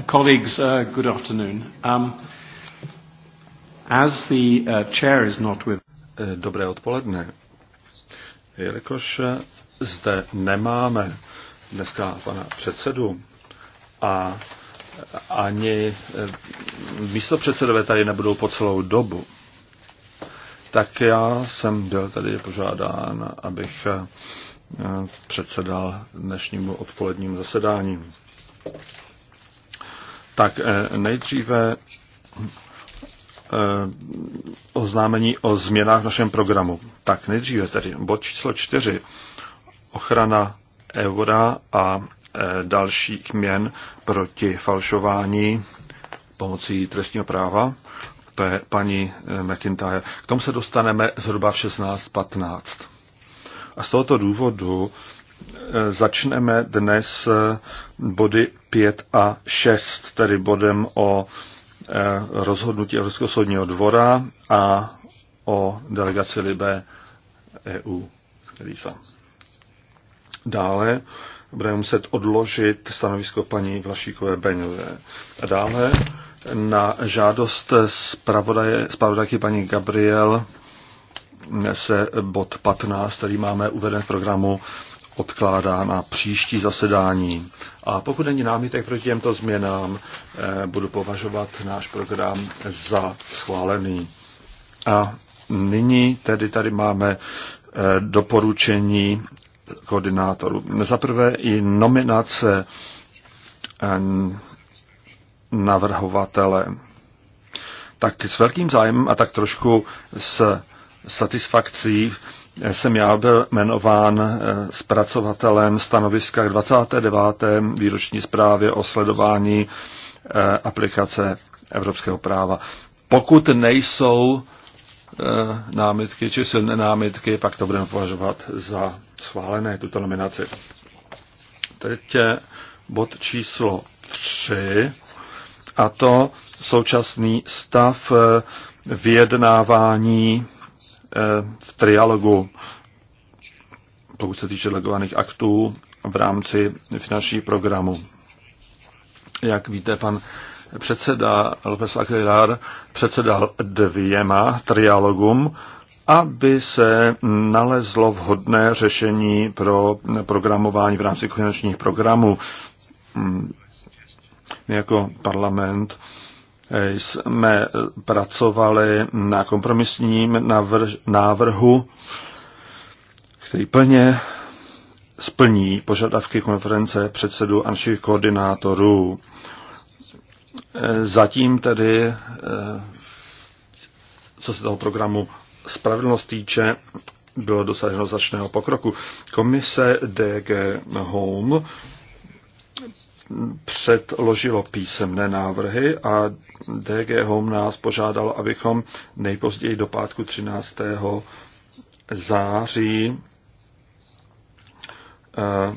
Uh, colleagues, uh, good afternoon. Um, as the uh, chair is not with... Eh, dobré odpoledne. Jelikož eh, zde nemáme dneska pana předsedu a eh, ani místo předsedové tady nebudou po celou dobu, tak já jsem byl tady požádán, abych předsedal dnešnímu odpolednímu zasedání. Tak eh, nejdříve eh, oznámení o změnách v našem programu. Tak nejdříve tedy bod číslo čtyři, ochrana eura a eh, dalších měn proti falšování pomocí trestního práva. To je paní McIntyre. K tomu se dostaneme zhruba v 16.15. A z tohoto důvodu Eh, začneme dnes eh, body 5 a 6, tedy bodem o eh, rozhodnutí Evropského soudního dvora a o delegaci Libé EU. Lisa. Dále budeme muset odložit stanovisko paní Vlašíkové Beňové. A dále na žádost zpravodajky paní Gabriel se bod 15, který máme uveden v programu, odkládá na příští zasedání. A pokud není námitek proti těmto změnám, eh, budu považovat náš program za schválený. A nyní tedy tady máme eh, doporučení koordinátorů. Za prvé i nominace eh, navrhovatele. Tak s velkým zájmem a tak trošku s satisfakcí jsem já byl jmenován eh, zpracovatelem stanoviska k 29. výroční zprávě o sledování eh, aplikace evropského práva. Pokud nejsou eh, námitky či silné námitky, pak to budeme považovat za schválené, tuto nominaci. Teď je bod číslo 3 a to současný stav vyjednávání Eh, v trialogu, pokud se týče delegovaných aktů v rámci finančních programů. Jak víte, pan předseda López Aguilar předsedal dvěma trialogům, aby se nalezlo vhodné řešení pro programování v rámci finančních programů. Hmm. My jako parlament jsme pracovali na kompromisním návrhu, který plně splní požadavky konference předsedů a našich koordinátorů. Zatím tedy, eh, co se toho programu spravedlnost týče, bylo dosaženo značného pokroku. Komise DG Home předložilo písemné návrhy a DG Home nás požádal, abychom nejpozději do pátku 13. září eh,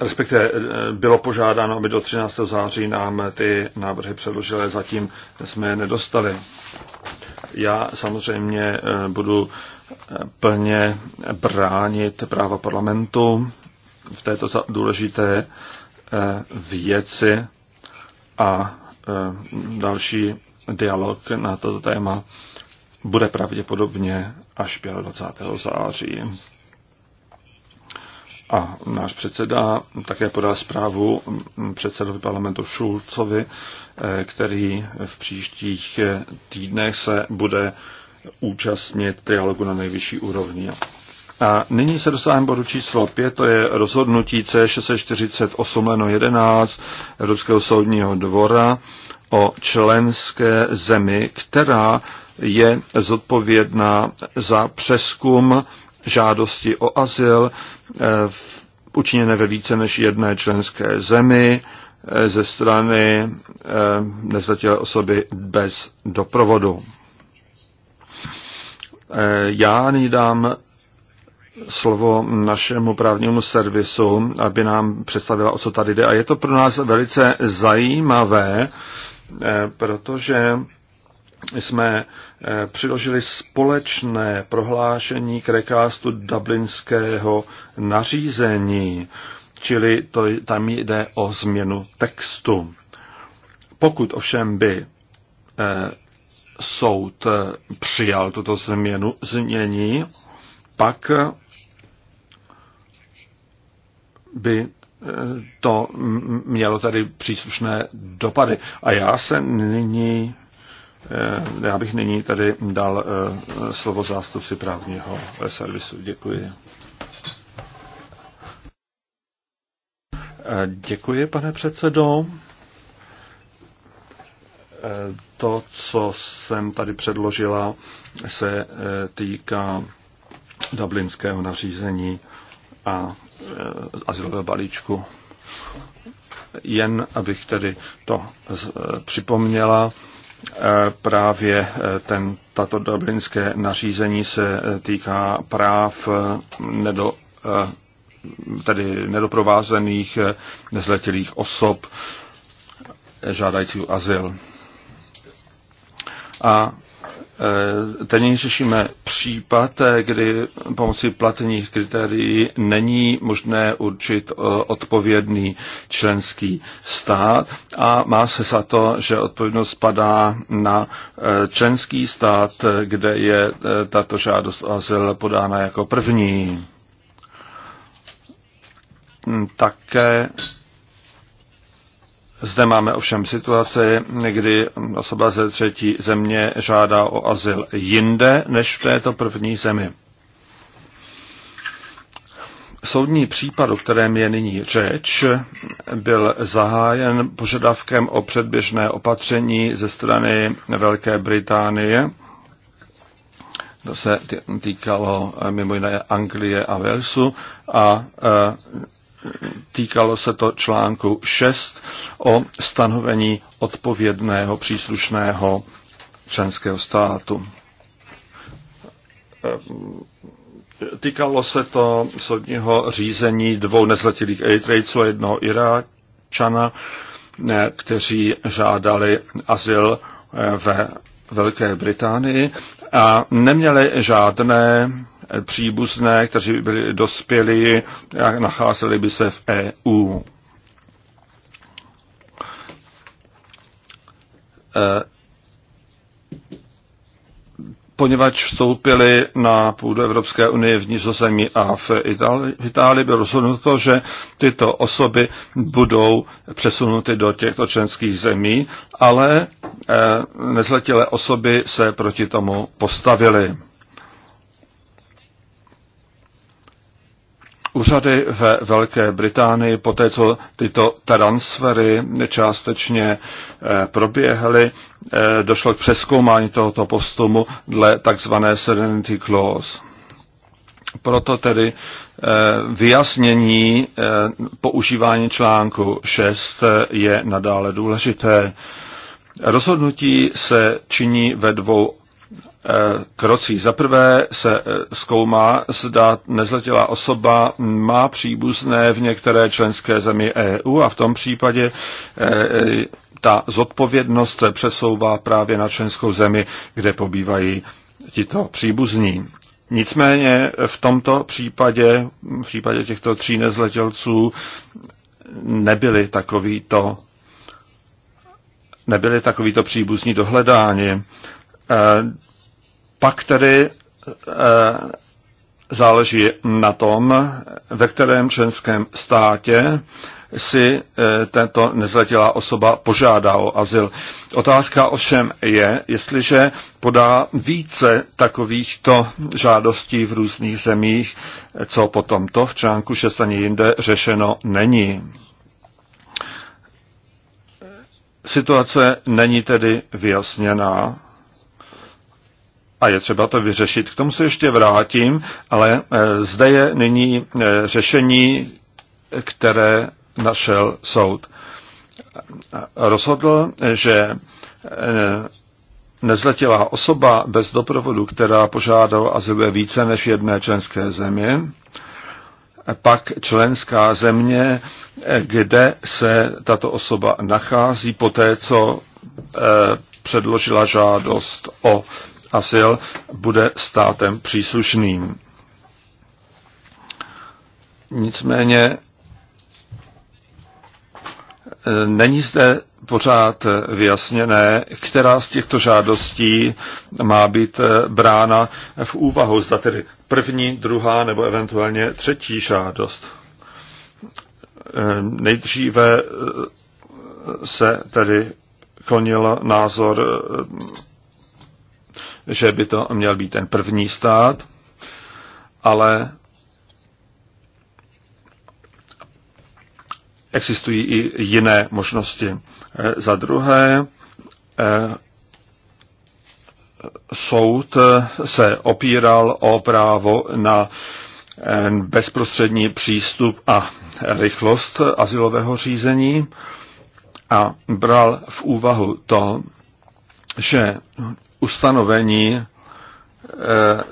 respektive eh, bylo požádáno, aby do 13. září nám ty návrhy předložili, zatím jsme je nedostali. Já samozřejmě eh, budu plně bránit práva parlamentu v této důležité věci a e, další dialog na toto téma bude pravděpodobně až 25. září. A náš předseda také podá zprávu předsedovi parlamentu Šulcovi, e, který v příštích týdnech se bude účastnit dialogu na nejvyšší úrovni. A nyní se dostáváme bodu číslo 5, to je rozhodnutí C648 11 Evropského soudního dvora o členské zemi, která je zodpovědná za přeskum žádosti o azyl eh, učiněné ve více než jedné členské zemi eh, ze strany eh, nezletilé osoby bez doprovodu. Já nyní dám slovo našemu právnímu servisu, aby nám představila, o co tady jde. A je to pro nás velice zajímavé, eh, protože jsme eh, přiložili společné prohlášení k rekástu dublinského nařízení, čili to, tam jde o změnu textu. Pokud ovšem by eh, soud přijal tuto změnu, změní, pak eh, by eh, to mělo tady příslušné dopady. A já se nyní, eh, já bych nyní tady dal slovo zástupci právního servisu. Děkuji. Děkuji, pane předsedo. To, co jsem tady předložila, se týká dublinského nařízení a e, azylového balíčku. Jen abych tedy to z, e, připomněla, e, právě e, ten, tato dublinské nařízení se e, týká práv nedo, tedy nedoprovázených nezletilých osob žádajících azyl. A Eh, Teď řešíme případ, eh, kdy pomocí platných kritérií není možné určit eh, odpovědný členský stát a má se za to, že odpovědnost padá na členský stát, kde je tato žádost o azyl podána jako první. Hm, také zde máme ovšem situaci, kdy osoba ze třetí země žádá o azyl jinde než v této první zemi. Soudní případ, o kterém je nyní řeč, byl zahájen požadavkem o předběžné opatření ze strany Velké Británie. To se týkalo mimo jiné Anglie a Walesu a e, týkalo se to článku 6 o stanovení odpovědného příslušného členského státu. Ehm, týkalo se to soudního řízení dvou nezletilých Eritrejců a jednoho Iráčana, eh, kteří žádali azyl eh, ve Velké Británii a neměli žádné příbuzné, kteří by byli dospělí a nacházeli by se v EU. E, poněvadž vstoupili na půdu Evropské unie v Nizozemí a v Itálii, v Itálii bylo rozhodnuto, že tyto osoby budou přesunuty do těchto členských zemí, ale e, nezletilé osoby se proti tomu postavily. úřady ve Velké Británii, po té, co tyto transfery částečně eh, proběhly, eh, došlo k přeskoumání tohoto postumu dle takzvané Serenity Clause. Proto tedy eh, vyjasnění používání článku 6 je nadále důležité. Rozhodnutí se činí ve dvou Eh, krocí. Za prvé se eh, zkoumá, zda nezletilá osoba má příbuzné v některé členské zemi EU a v tom případě eh, ta zodpovědnost se přesouvá právě na členskou zemi, kde pobývají tito příbuzní. Nicméně v tomto případě, v případě těchto tří nezletělců, nebyly takovýto nebyly takovýto příbuzní dohledání. Pak tedy eh, záleží na tom, ve kterém členském státě si eh, tento nezletilá osoba požádá o azyl. Otázka ovšem je, jestliže podá více takovýchto žádostí v různých zemích, co potom to v článku 6 ani jinde řešeno není. Situace není tedy vyjasněná a je třeba to vyřešit. K tomu se ještě vrátím, ale e, zde je nyní e, řešení, které našel soud. Rozhodl, že e, nezletilá osoba bez doprovodu, která požádala azyl ve více než jedné členské země, pak členská země, kde se tato osoba nachází po té, co předložila žádost o azyl bude státem příslušným. Nicméně e, není zde pořád vyjasněné, která z těchto žádostí má být e, brána v úvahu, zda tedy první, druhá nebo eventuálně třetí žádost. E, nejdříve se tedy konil názor že by to měl být ten první stát, ale existují i jiné možnosti. Eh, za druhé, eh, soud eh, se opíral o právo na bezprostřední přístup a rychlost asilového řízení a bral v úvahu to, že ustanovení e,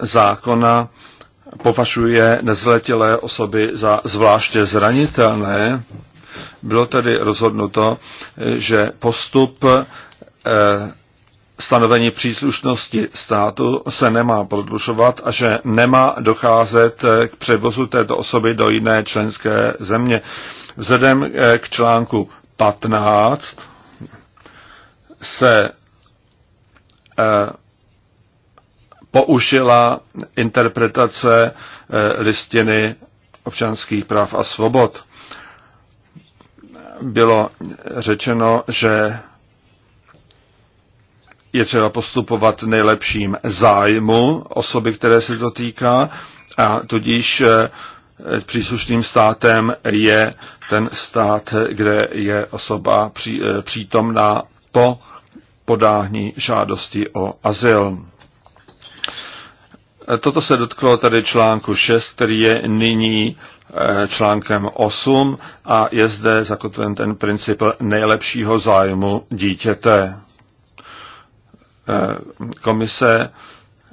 zákona považuje nezletilé osoby za zvláště zranitelné. Bylo tedy rozhodnuto, e, že postup e, stanovení příslušnosti státu se nemá prodlužovat a že nemá docházet k převozu této osoby do jiné členské země. Vzhledem k článku 15 se Eh, použila interpretace eh, listiny občanských práv a svobod. Bylo řečeno, že je třeba postupovat nejlepším zájmu osoby, které se to týká, a tudíž eh, příslušným státem je ten stát, kde je osoba přítomná po podání žádosti o azyl. Toto se dotklo tady článku 6, který je nyní eh, článkem 8 a je zde zakotven ten princip nejlepšího zájmu dítěte. Eh, komise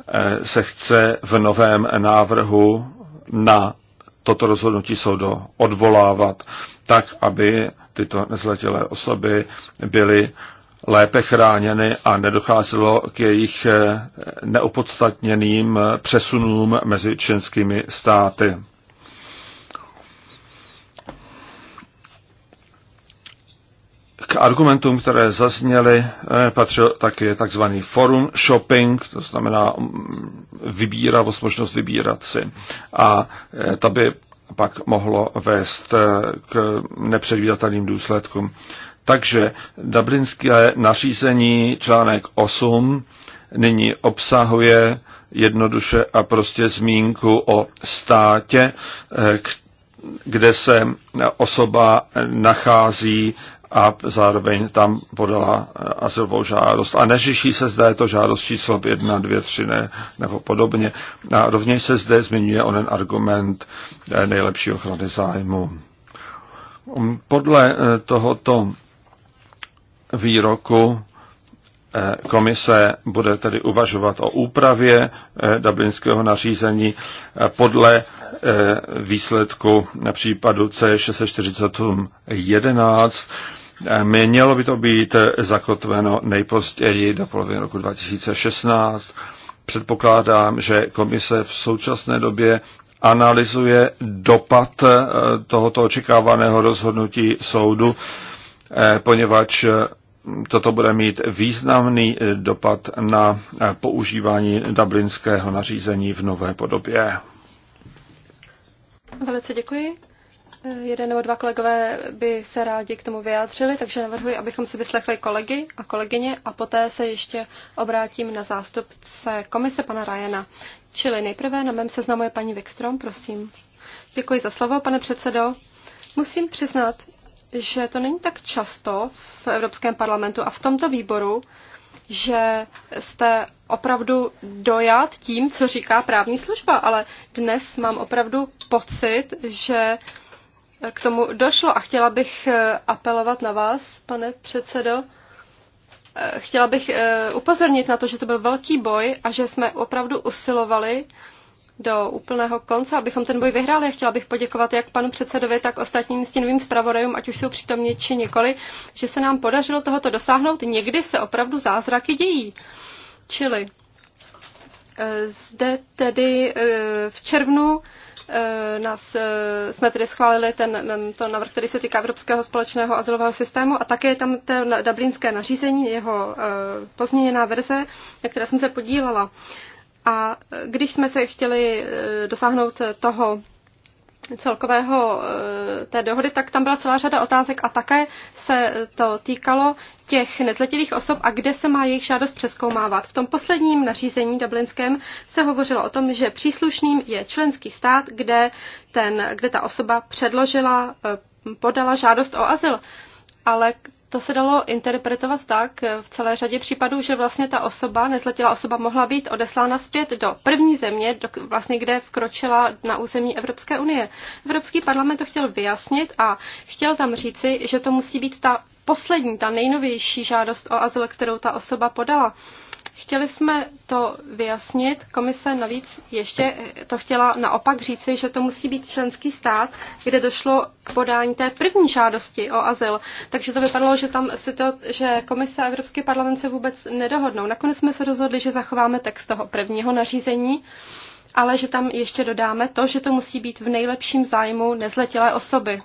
eh, se chce v novém návrhu na toto rozhodnutí soudu odvolávat tak, aby tyto nezletilé osoby byly lépe chráněny a nedocházelo k jejich eh, neopodstatněným eh, přesunům mezi členskými státy. K argumentům, které zazněly, eh, patřil také tzv. forum shopping, to znamená mm, vybíravost, možnost vybírat si. A to by pak mohlo vést k nepředvídatelným důsledkům. Takže Dublinské nařízení článek 8 nyní obsahuje jednoduše a prostě zmínku o státě, eh, kde se osoba nachází a zároveň tam podala eh, azylovou žádost. A neřeší se zde to žádost číslo 1, 2, 3 ne, nebo podobně. A rovněž se zde zmiňuje onen argument eh, nejlepší ochrany zájmu. Podle tohoto výroku eh, komise bude tedy uvažovat o úpravě eh, dublinského nařízení eh, podle výsledku případu C648.11. Mělo by to být zakotveno nejpozději do poloviny roku 2016. Předpokládám, že komise v současné době analyzuje dopad tohoto očekávaného rozhodnutí soudu, poněvadž toto bude mít významný eh, dopad na eh, používání dublinského nařízení v nové podobě. Velice děkuji. Eh, jeden nebo dva kolegové by se rádi k tomu vyjádřili, takže navrhuji, abychom si vyslechli kolegy a kolegyně a poté se ještě obrátím na zástupce komise pana Rajena. Čili nejprve na mém seznamu je paní Vikstrom, prosím. Děkuji za slovo, pane předsedo. Musím přiznat, že to není tak často v Evropském parlamentu a v tomto výboru, že jste opravdu dojat tím, co říká právní služba, ale dnes mám opravdu pocit, že k tomu došlo a chtěla bych eh, apelovat na vás, pane předsedo. Eh, chtěla bych eh, upozornit na to, že to byl velký boj a že jsme opravdu usilovali do úplného konce, abychom ten boj vyhráli. Chtěla bych poděkovat jak panu předsedovi, tak ostatním stínovým zpravodajům, ať už jsou přítomně či nikoli, že se nám podařilo tohoto dosáhnout. Někdy se opravdu zázraky dějí. Čili eh, zde tedy eh, v červnu eh, nás, jsme tedy schválili ten, to návrh, který se týká Evropského společného azylového systému a také je tam to dublinské nařízení, jeho pozměněná verze, na které jsem se podílela. A když jsme se chtěli eh, dosáhnout toho celkového eh, té dohody, tak tam byla celá řada otázek a také se to týkalo těch nezletilých osob a kde se má jejich žádost přeskoumávat. V tom posledním nařízení dublinském se hovořilo o tom, že příslušným je členský stát, kde, ten, kde ta osoba předložila, eh, podala žádost o azyl. Ale to se dalo interpretovat tak v celé řadě případů, že vlastně ta osoba, nezletilá osoba, mohla být odeslána zpět do první země, do, vlastně kde vkročila na území Evropské unie. Evropský parlament to chtěl vyjasnit a chtěl tam říci, že to musí být ta poslední, ta nejnovější žádost o azyl, kterou ta osoba podala. Chtěli jsme to vyjasnit, komise navíc ještě to chtěla naopak říci, že to musí být členský stát, kde došlo k podání té první žádosti o azyl. Takže to vypadalo, že tam si to, že komise a Evropský parlament se vůbec nedohodnou. Nakonec jsme se rozhodli, že zachováme text toho prvního nařízení, ale že tam ještě dodáme to, že to musí být v nejlepším zájmu nezletilé osoby.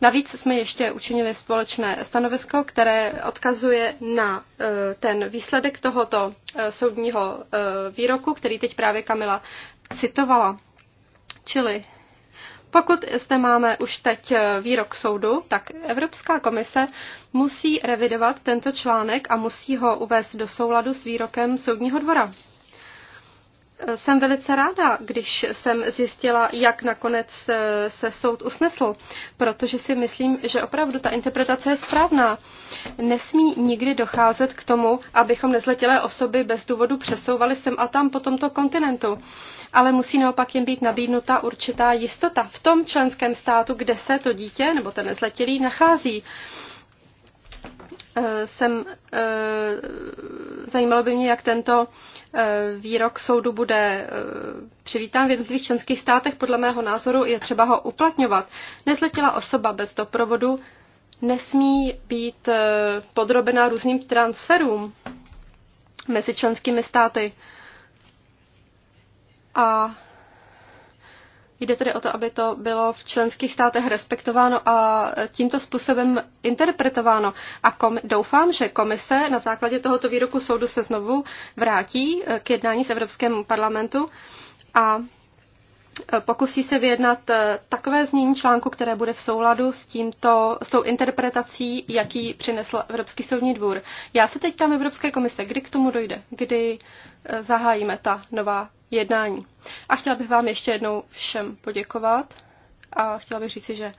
Navíc jsme ještě učinili společné stanovisko, které odkazuje na e, ten výsledek tohoto e, soudního e, výroku, který teď právě Kamila citovala. Čili pokud zde máme už teď výrok soudu, tak Evropská komise musí revidovat tento článek a musí ho uvést do souladu s výrokem soudního dvora jsem velice ráda, když jsem zjistila, jak nakonec eh, se soud usnesl, protože si myslím, že opravdu ta interpretace je správná. Nesmí nikdy docházet k tomu, abychom nezletělé osoby bez důvodu přesouvali sem a tam po tomto kontinentu, ale musí naopak jim být nabídnuta určitá jistota v tom členském státu, kde se to dítě nebo ten nezletilý nachází. Eh, jsem, eh, zajímalo by mě, jak tento eh, výrok soudu bude přivítán v jednotlivých členských státech. Podle mého názoru je třeba ho uplatňovat. Nezletilá osoba bez doprovodu nesmí být podrobená různým transferům mezi členskými státy. A Jde tedy o to, aby to bylo v členských státech respektováno a tímto způsobem interpretováno. A kom, doufám, že komise na základě tohoto výroku soudu se znovu vrátí eh, k jednání s Evropským parlamentu a eh, pokusí se vyjednat eh, takové znění článku, které bude v souladu s, tímto, s tou interpretací, jaký přinesl Evropský soudní dvůr. Já se teď tam Evropské komise, kdy k tomu dojde, kdy zahájíme ta nová jednání. A chtěla bych vám ještě jednou všem poděkovat a chtěla bych říci, že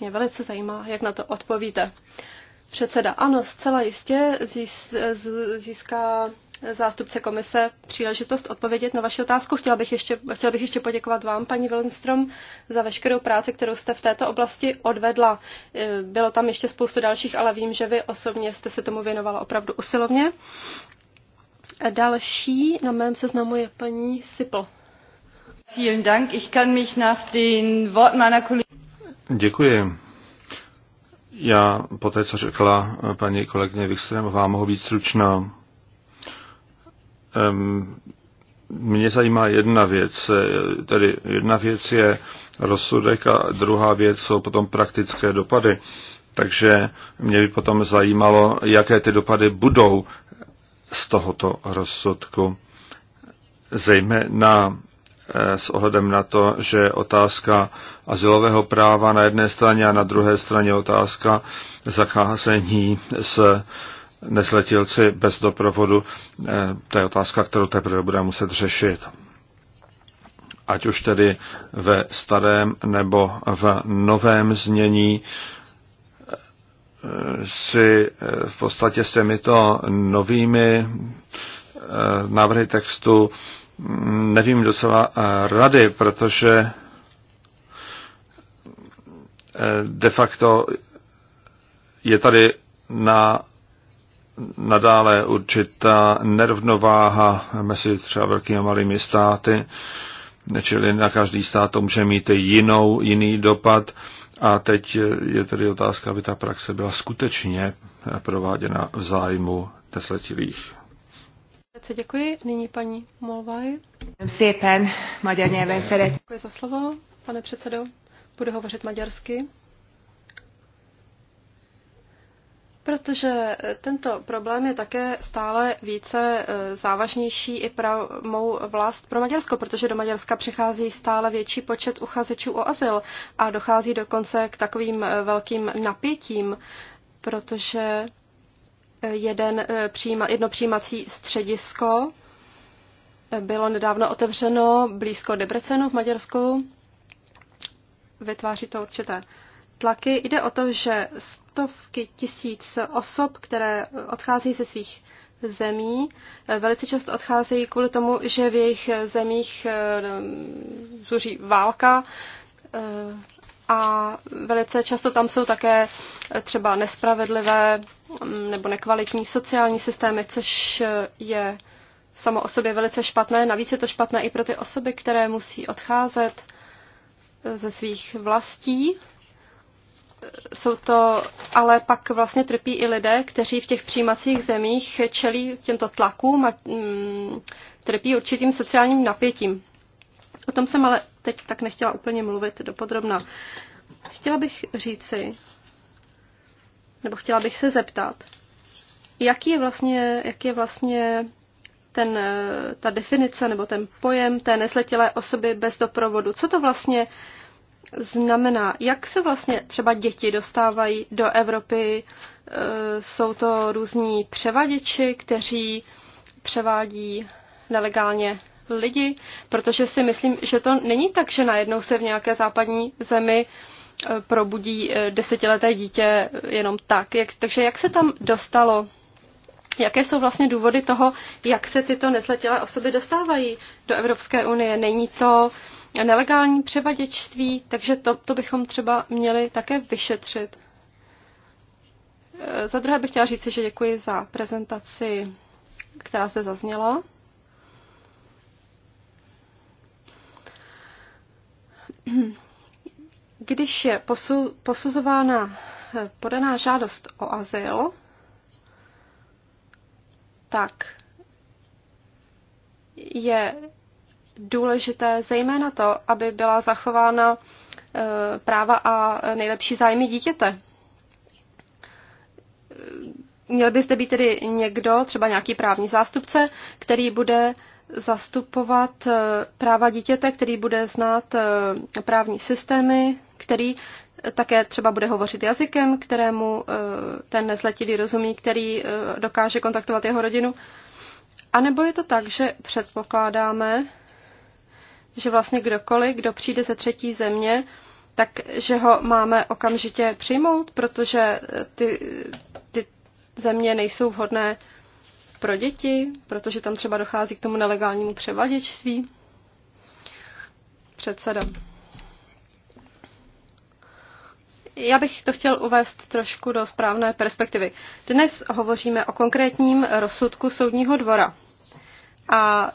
mě velice zajímá, jak na to odpovíte. Předseda, ano, zcela jistě získá zástupce komise příležitost odpovědět na vaši otázku. Chtěla bych ještě, chtěla bych ještě poděkovat vám, paní Wilmstrom, za veškerou práci, kterou jste v této oblasti odvedla. E, bylo tam ještě spoustu dalších, ale vím, že vy osobně jste se tomu věnovala opravdu usilovně. Další na mém seznamu je paní Sipl. Vielen Dank. Ich kann mich nach den Worten meiner Kollegin... Děkuji. Já po té, co řekla eh, paní kolegyně Wikströmová, mohu být stručná. Mě zajímá jedna věc. Eh, tedy jedna věc je rozsudek a druhá věc jsou potom praktické dopady. Takže mě by potom zajímalo, jaké ty dopady budou z tohoto rozsudku. Zejména eh, s ohledem na to, že otázka asilového práva na jedné straně a na druhé straně otázka zacházení s nezletilci bez doprovodu, eh, to je otázka, kterou teprve budeme muset řešit. Ať už tedy ve starém nebo v novém znění si eh, v podstatě s těmito novými eh, návrhy textu mm, nevím docela eh, rady, protože de facto je tady na nadále určitá nerovnováha mezi třeba velkými a malými státy, čili na každý stát to může mít jinou, jiný dopad. A teď je tedy otázka, aby ta praxe byla skutečně prováděna v zájmu nesletilých. děkuji. Nyní paní Molvaj. Děkuji za slovo, pane předsedo. Budu hovořit maďarsky. Protože eh, tento problém je také stále více eh, závažnější i pro mou vlast pro Maďarsko, protože do Maďarska přichází stále větší počet uchazečů o azyl a dochází dokonce k takovým eh, velkým napětím, protože jeden přijíma, jedno přijímací středisko bylo nedávno otevřeno blízko Debrecenu v Maďarsku. Vytváří to určité tlaky. Jde o to, že stovky tisíc osob, které odchází ze svých zemí. Velice často odcházejí kvůli tomu, že v jejich zemích eh, zuří válka eh, a velice často tam jsou také třeba nespravedlivé mm, nebo nekvalitní sociální systémy, což eh, je samo o sobě velice špatné. Navíc je to špatné i pro ty osoby, které musí odcházet ze svých vlastí jsou to, ale pak vlastně trpí i lidé, kteří v těch přijímacích zemích čelí těmto tlakům a mm, trpí určitým sociálním napětím. O tom jsem ale teď tak nechtěla úplně mluvit dopodrobna. Chtěla bych říci, nebo chtěla bych se zeptat, jaký je vlastně, jaký je vlastně ten, ta definice nebo ten pojem té nesletilé osoby bez doprovodu. Co to vlastně znamená? Jak se vlastně třeba děti dostávají do Evropy? E, jsou to různí převaděči, kteří převádí nelegálně lidi, protože si myslím, že to není tak, že najednou se v nějaké západní zemi e, probudí e, desetileté dítě jenom tak. Jak, takže jak se tam dostalo? Jaké jsou vlastně důvody toho, jak se tyto nezletilé osoby dostávají do Evropské unie? Není to uh, nelegální převaděčství, takže to, to bychom třeba měli také vyšetřit. E, za druhé bych chtěla říci, že děkuji za prezentaci, která se zazněla. Když je posu, posuzována e, podaná žádost o azyl, tak je důležité zejména to, aby byla zachována e, práva a nejlepší zájmy dítěte. Měl by zde být tedy někdo, třeba nějaký právní zástupce, který bude zastupovat e, práva dítěte, který bude znát e, právní systémy, který také třeba bude hovořit jazykem, kterému ten nezletilý rozumí, který dokáže kontaktovat jeho rodinu. A nebo je to tak, že předpokládáme, že vlastně kdokoliv, kdo přijde ze třetí země, že ho máme okamžitě přijmout, protože eh, ty, ty země nejsou vhodné pro děti, protože tam třeba dochází k tomu nelegálnímu převaděčství. Předseda. Já bych to chtěl uvést trošku do správné perspektivy. Dnes hovoříme o konkrétním rozsudku soudního dvora. A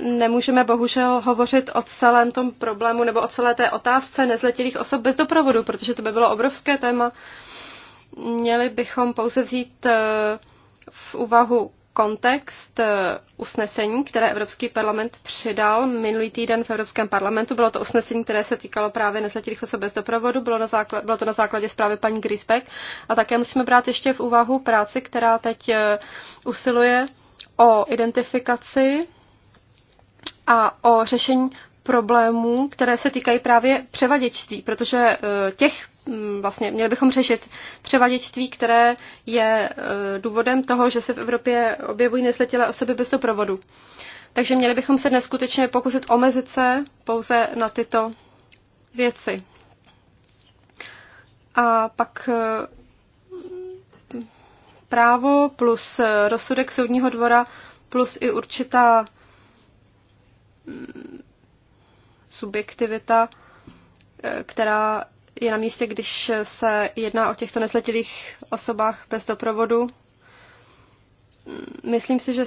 nemůžeme bohužel hovořit o celém tom problému nebo o celé té otázce nezletilých osob bez doprovodu, protože to by bylo obrovské téma. Měli bychom pouze vzít eh, v úvahu kontext eh, usnesení, které Evropský parlament přidal minulý týden v Evropském parlamentu. Bylo to usnesení, které se týkalo právě nezletilých osob bez doprovodu, bylo, na základ, bylo to na základě zprávy paní Grisbeck. A také musíme brát ještě v úvahu práci, která teď eh, usiluje o identifikaci a o řešení problémů, které se týkají právě převaděčství, protože e, těch mm, vlastně měli bychom řešit převaděčství, které je e, důvodem toho, že se v Evropě objevují nesletělé osoby bez doprovodu. Takže měli bychom se dnes skutečně pokusit omezit se pouze na tyto věci. A pak e, právo plus rozsudek soudního dvora plus i určitá subjektivita, eh, která je na místě, když se jedná o těchto nezletilých osobách bez doprovodu. Mm, myslím si, že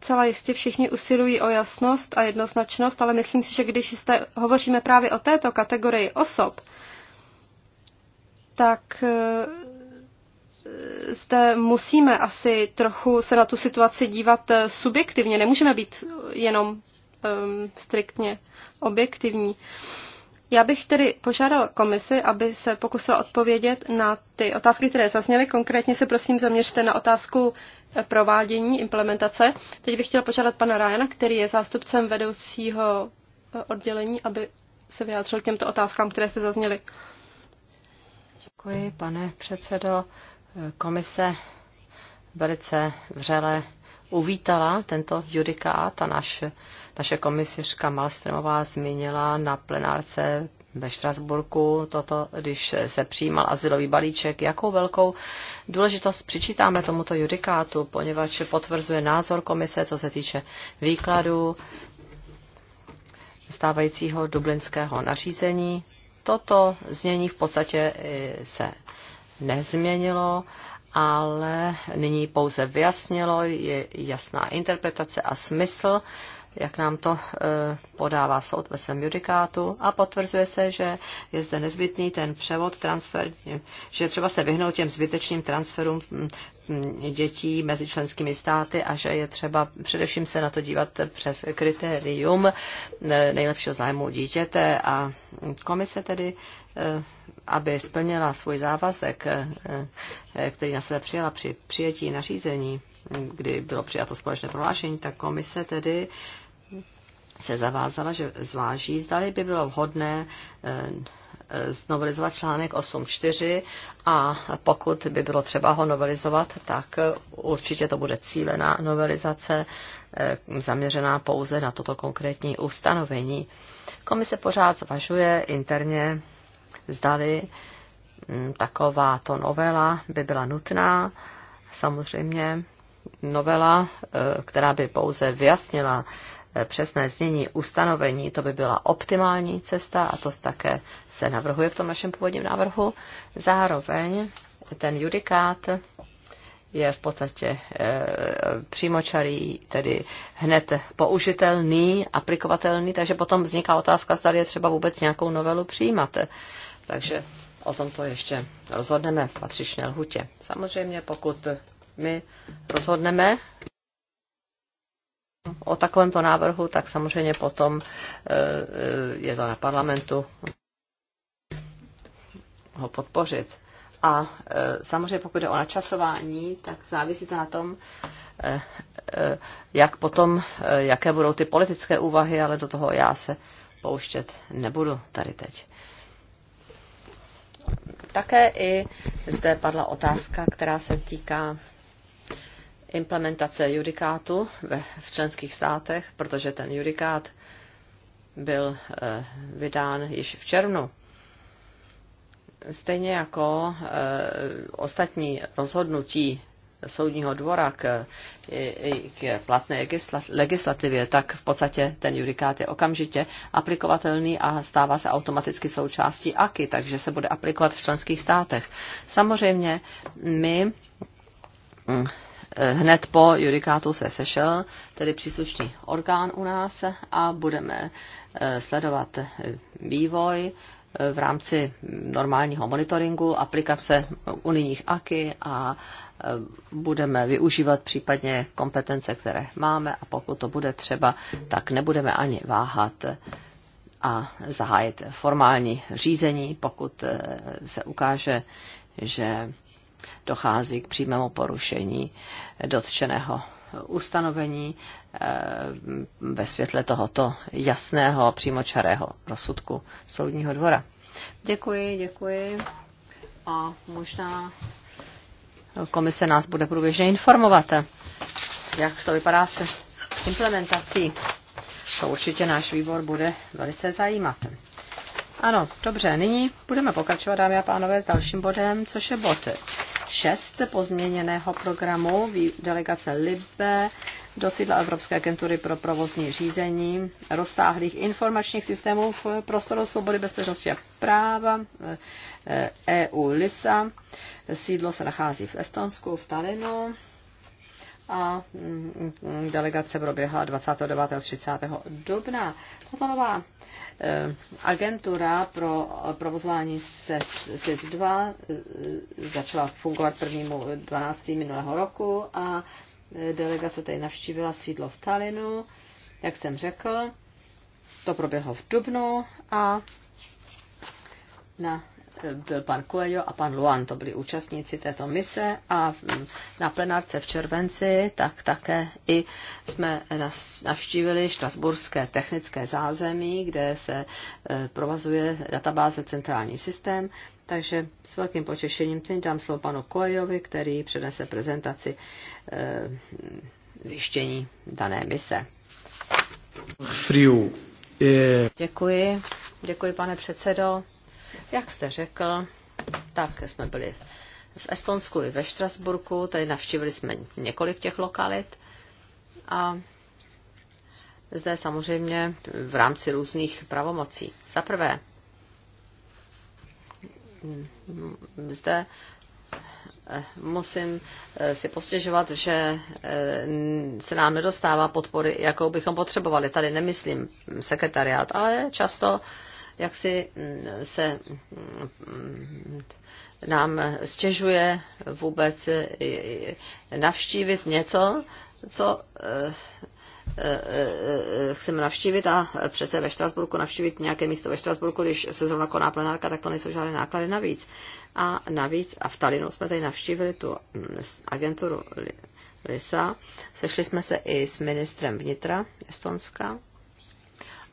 celá jistě všichni usilují o jasnost a jednoznačnost, ale myslím si, že když jste, hovoříme právě o této kategorii osob, tak eh, zde musíme asi trochu se na tu situaci dívat eh, subjektivně. Nemůžeme být jenom um, striktně objektivní. Já bych tedy požádal komisi, aby se pokusila odpovědět na ty otázky, které zazněly. Konkrétně se prosím zaměřte na otázku provádění, implementace. Teď bych chtěla požádat pana Ryana, který je zástupcem vedoucího eh, oddělení, aby se vyjádřil k těmto otázkám, které jste zazněly. Děkuji, pane předsedo. Eh, komise velice vřele uvítala tento judikát a náš naše komisařka Malstremová zmínila na plenárce ve Štrasburku toto, když se přijímal asilový balíček, jakou velkou důležitost přičítáme tomuto judikátu, poněvadž potvrzuje názor komise, co se týče výkladu stávajícího dublinského nařízení. Toto znění v podstatě eh, se nezměnilo, ale nyní pouze vyjasnilo, je jasná interpretace a smysl jak nám to eh, podává soud ve svém judikátu a potvrzuje se, že je zde nezbytný ten převod, transfer, že třeba se vyhnout těm zbytečným transferům mm, mm, dětí mezi členskými státy a že je třeba především se na to dívat přes kritérium eh, nejlepšího zájmu dítěte a komise tedy eh, aby splnila svůj závazek, který na sebe přijala při přijetí nařízení, kdy bylo přijato společné prohlášení, tak komise tedy se zavázala, že zváží, zdali by bylo vhodné eh, eh, znovelizovat článek 8.4 a pokud by bylo třeba ho novelizovat, tak určitě to bude cílená novelizace eh, zaměřená pouze na toto konkrétní ustanovení. Komise pořád zvažuje interně, zdali hm, takováto novela by byla nutná. Samozřejmě novela, která by pouze vyjasnila přesné znění ustanovení, to by byla optimální cesta a to také se navrhuje v tom našem původním návrhu. Zároveň ten judikát je v podstatě e, přímočarý, tedy hned použitelný, aplikovatelný, takže potom vzniká otázka, zda je třeba vůbec nějakou novelu přijímat. Takže o tomto ještě rozhodneme v patřičné lhutě. Samozřejmě, pokud my rozhodneme, o takovémto návrhu, tak samozřejmě potom e, e, je to na parlamentu ho podpořit. A e, samozřejmě pokud jde o načasování, tak závisí to na tom, jak potom, jaké budou ty politické úvahy, ale do toho já se pouštět nebudu tady teď. Také i zde padla otázka, která se týká implementace judikátu v členských státech, protože ten judikát byl eh, vydán již v červnu. Stejně jako eh, ostatní rozhodnutí soudního dvora k, k platné legislativě, tak v podstatě ten judikát je okamžitě aplikovatelný a stává se automaticky součástí AKI, takže se bude aplikovat v členských státech. Samozřejmě my mm, Eh, hned po judikátu se sešel, tedy příslušný orgán u nás a budeme eh, sledovat eh, vývoj v rámci normálního monitoringu aplikace unijních AKY a budeme využívat případně kompetence, které máme a pokud to bude třeba, tak nebudeme ani váhat a zahájit formální řízení, pokud se ukáže, že dochází k přímému porušení dotčeného ustanovení eh, ve světle tohoto jasného přímočarého rozsudku soudního dvora. Děkuji, děkuji. A možná komise nás bude průběžně informovat, eh, jak to vypadá se implementací. To určitě náš výbor bude velice zajímat. Ano, dobře, nyní budeme pokračovat, dámy a pánové, s dalším bodem, což je bod 6 pozměněného programu delegace LIBE do sídla Evropské agentury pro provozní řízení rozsáhlých informačních systémů v prostoru svobody, bezpečnosti a práva EU eh, eh, e LISA. Sídlo se nachází v Estonsku, v Talinu a mm, delegace proběhla 29. a 30. dubna. Tato nová eh, agentura pro provozování SIS-2 e e eh, začala fungovat 1. 12. minulého roku a eh, delegace tady navštívila sídlo v Talinu, jak jsem řekl. To proběhlo v dubnu a na byl pan Coelho a pan Luan, to byli účastníci této mise a na plenárce v červenci tak také i jsme navštívili Štrasburské technické zázemí, kde se e, provazuje databáze centrální systém, takže s velkým potěšením teď dám slovo panu Coelhovi, který přenese prezentaci e, zjištění dané mise. Děkuji, děkuji pane předsedo. Jak jste řekl, tak jsme byli v Estonsku i ve Štrasburku, tady navštívili jsme několik těch lokalit a zde samozřejmě v rámci různých pravomocí. Za prvé, zde eh, musím eh, si postěžovat, že eh, se nám nedostává podpory, jakou bychom potřebovali. Tady nemyslím sekretariát, ale často jak si mm, se mm, nám stěžuje vůbec navštívit něco, co eh, eh, eh, chceme navštívit a přece ve Štrasburku navštívit nějaké místo ve Štrasburku, když se zrovna koná plenárka, tak to nejsou žádné náklady navíc. A navíc, a v Talinu jsme tady navštívili tu mm, agenturu LISA, sešli jsme se i s ministrem vnitra Estonska,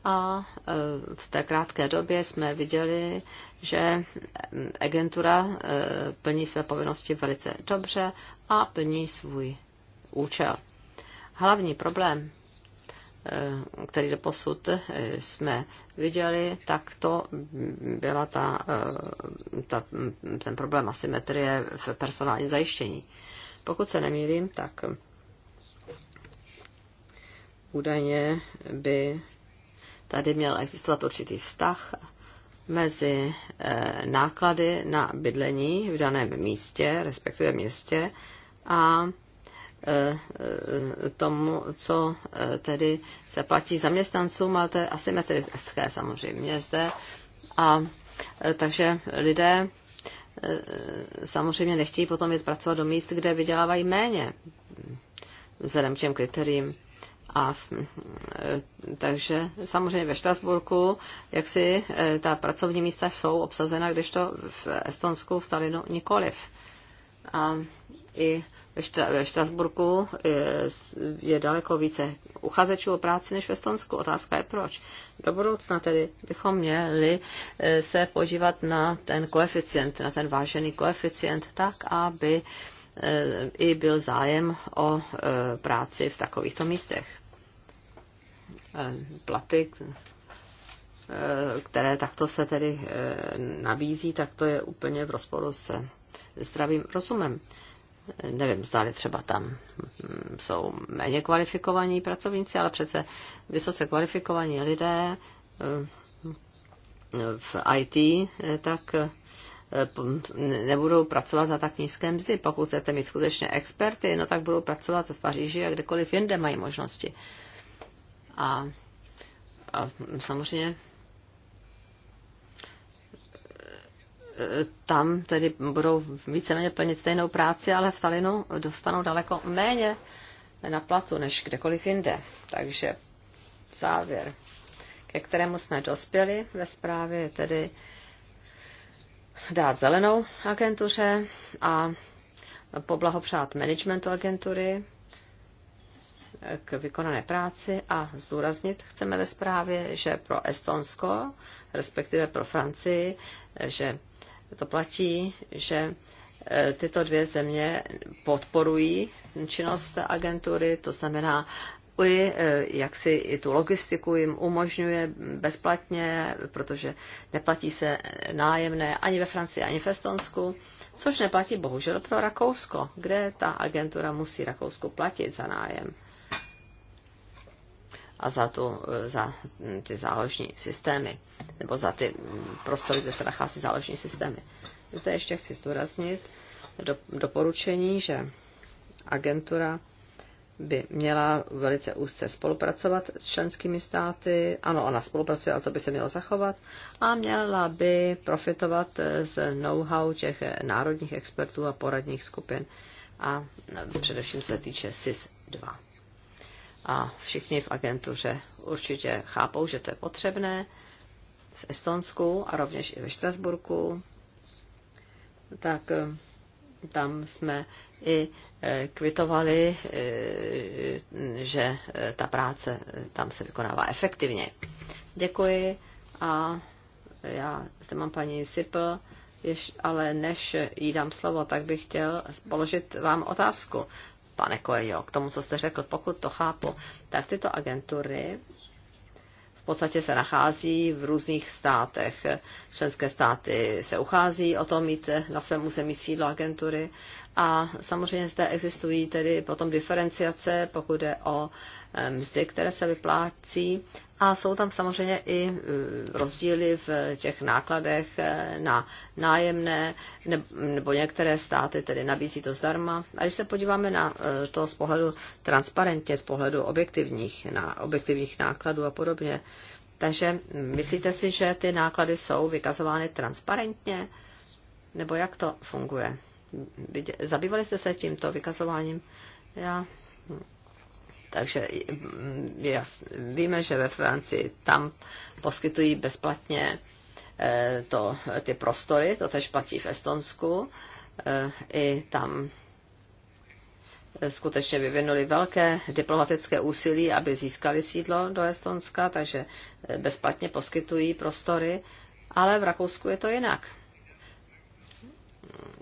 a e, v té krátké době jsme viděli, že agentura e, plní své povinnosti velice dobře a plní svůj účel. Hlavní problém, e, který do posud jsme viděli, tak to byla ta, ta, ten problém asymetrie v personálním zajištění. Pokud se nemýlím, tak údajně by tady měl existovat určitý vztah mezi eh, náklady na bydlení v daném místě, respektive městě, a eh, eh, tomu, co tedy se platí zaměstnancům, ale to je asymetrické samozřejmě zde. A takže lidé samozřejmě nechtějí potom jít pracovat do míst, kde vydělávají méně, vzhledem k těm kritériím. A eh, takže samozřejmě ve Štrasburku, jak si eh, ta pracovní místa jsou obsazena, když to v Estonsku, v Talinu nikoliv. A i ve Štrasburku je, eh, je daleko více uchazečů o práci než v Estonsku. Otázka je proč. Do budoucna tedy bychom měli se podívat na ten koeficient, na ten vážený koeficient, tak, aby i byl zájem o práci v takovýchto místech. Eh, platy, eh, které takto se tedy eh, nabízí, tak to je úplně v rozporu se zdravým rozumem. Nevím, zdali třeba tam mm, jsou méně kvalifikovaní pracovníci, ale přece vysoce kvalifikovaní lidé v IT, tak nebudou pracovat za tak nízké mzdy. Pokud chcete mít skutečně experty, no tak budou pracovat v Paříži a kdekoliv jinde mají možnosti. A, a samozřejmě tam tedy budou víceméně plnit stejnou práci, ale v Talinu dostanou daleko méně na platu než kdekoliv jinde. Takže závěr, ke kterému jsme dospěli ve zprávě, je tedy dát zelenou agentuře a poblahopřát managementu agentury k vykonané práci a zdůraznit chceme ve zprávě, že pro Estonsko, respektive pro Francii, že to platí, že eh, tyto dvě země podporují činnost agentury, to znamená, eh, jak si i tu logistiku jim umožňuje bezplatně, protože neplatí se nájemné ani ve Francii, ani v Estonsku, což neplatí bohužel pro Rakousko, kde ta agentura musí Rakousku platit za nájem a za, tu, e, za mm, ty záložní systémy, nebo za ty mm, prostory, kde se nachází záložní systémy. Zde ještě chci zdůraznit do, doporučení, že agentura by měla velice úzce spolupracovat s členskými státy. Ano, ona spolupracuje, ale to by se mělo zachovat. A měla by profitovat e, z know-how těch e, národních expertů a poradních skupin. A především se týče SIS 2 a všichni v agentuře určitě chápou, že to je potřebné v Estonsku a rovněž i ve Štrasburku, tak eh, tam jsme i eh, kvitovali, eh, že ta práce tam se vykonává efektivně. Děkuji a já zde mám paní Sipl, ale než jí dám slovo, tak bych chtěl položit vám otázku pane Kojo, k tomu, co jste řekl, pokud to chápu, tak tyto agentury v podstatě se nachází v různých státech. Členské státy se uchází o to mít na svém území sídlo agentury a samozřejmě zde existují tedy potom diferenciace, pokud je o Eh, mzdy, které se vyplácí. A jsou tam samozřejmě i eh, rozdíly v těch nákladech eh, na nájemné, nebo některé státy tedy nabízí to zdarma. A když se podíváme na to z pohledu transparentně, z pohledu objektivních, na objektivních nákladů a podobně, takže myslíte si, že ty náklady jsou vykazovány transparentně? Nebo jak to funguje? Zabývali jste se tímto vykazováním? Já hm, takže mm, jas, víme, že ve Francii tam poskytují bezplatně eh, to, ty prostory, to tež platí v Estonsku. Eh, I tam eh, skutečně vyvinuli velké diplomatické úsilí, aby získali sídlo do Estonska, takže bezplatně poskytují prostory, ale v Rakousku je to jinak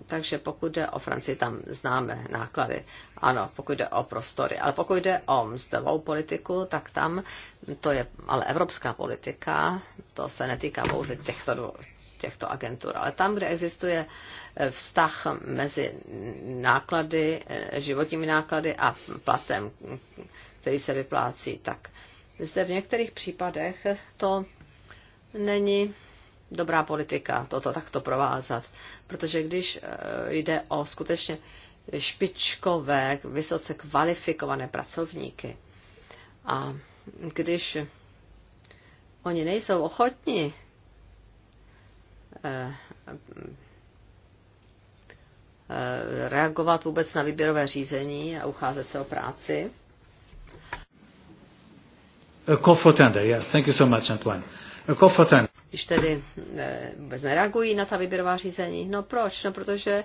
takže pokud jde o Francii, tam známe náklady. Ano, pokud jde o prostory. Ale pokud jde o mzdovou politiku, tak tam to je ale evropská politika, to se netýká pouze těchto dvou těchto agentur. Ale tam, kde existuje eh, vztah mezi náklady, eh, životními náklady a platem, který se vyplácí, tak zde v některých případech to není dobrá politika toto takto provázat. Protože když eh, jde o skutečně špičkové, vysoce kvalifikované pracovníky a když oni nejsou ochotní eh, eh, reagovat vůbec na výběrové řízení a ucházet se o práci. Call for tender, yeah. Thank you so much, Antoine. A call for tender když tedy eh, vůbec nereagují na ta výběrová řízení. No proč? No protože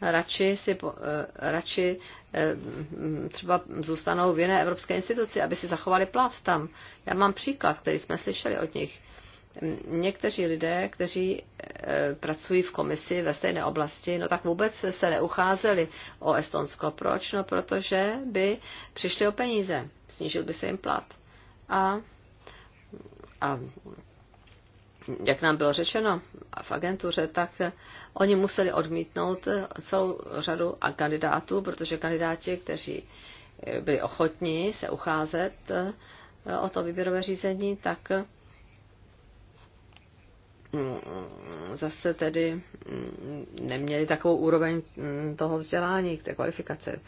radši, si, eh, radši eh, třeba zůstanou v jiné evropské instituci, aby si zachovali plat tam. Já mám příklad, který jsme slyšeli od nich. Někteří lidé, kteří pracují v komisi ve stejné oblasti, no tak vůbec se neucházeli o Estonsko. Proč? No protože by přišli o peníze, snížil by se jim plat. A, a jak nám bylo řečeno v agentuře, tak oni museli odmítnout celou řadu kandidátů, protože kandidáti, kteří byli ochotní se ucházet eh, o to výběrové řízení, tak mm, zase tedy mm, neměli takovou úroveň mm, toho vzdělání, té kvalifikace.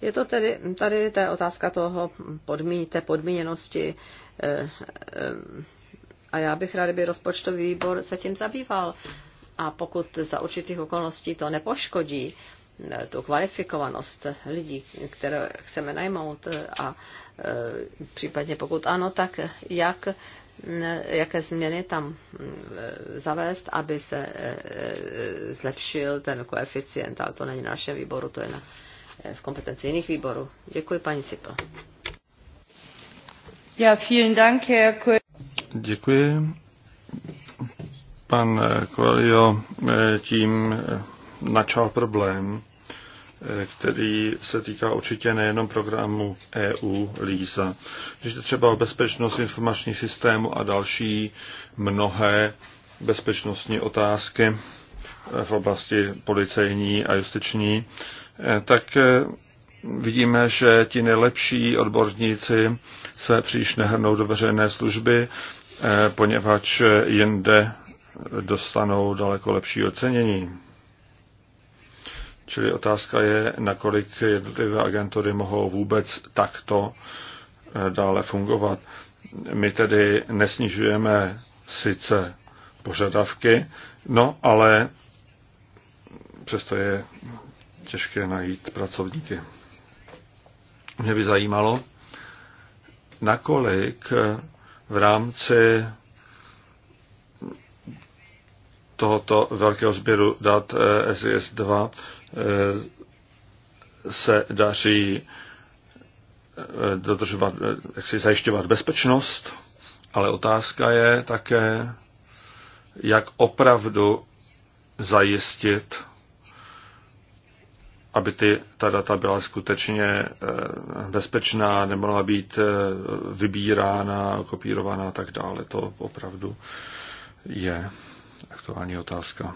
Je to tedy, tady ta otázka toho podmíní, té podmíněnosti eh, eh, a já bych rád, kdyby rozpočtový výbor se tím zabýval. A pokud za určitých okolností to nepoškodí, eh, tu kvalifikovanost lidí, které chceme najmout eh, a eh, případně pokud ano, tak jak, mm, jaké změny tam mm, zavést, aby se zlepšil ten koeficient, ale to není na našem výboru, to je na, v kompetenci jiných výborů. Děkuji, paní Sipl. Ja, vielen Dank, Herr Děkuji. Pan kvalio, eh, tím eh, načal problém, eh, který se týká určitě nejenom programu EU LISA. Když je třeba o bezpečnost informačních systémů a další mnohé bezpečnostní otázky v oblasti policejní a justiční, tak vidíme, že ti nejlepší odborníci se příliš nehrnou do veřejné služby Eh, poněvadž eh, jinde dostanou daleko lepší ocenění. Čili otázka je, nakolik jednotlivé agentury mohou vůbec takto eh, dále fungovat. My tedy nesnižujeme sice požadavky, no ale přesto je těžké najít pracovníky. Mě by zajímalo, nakolik v rámci tohoto velkého sběru dat eh, SIS-2 eh, se daří eh, dodržovat, jak si zajišťovat bezpečnost, ale otázka je také, jak opravdu zajistit aby ty, ta data byla skutečně eh, bezpečná, nemohla být eh, vybírána, kopírována a tak dále. To opravdu je aktuální otázka.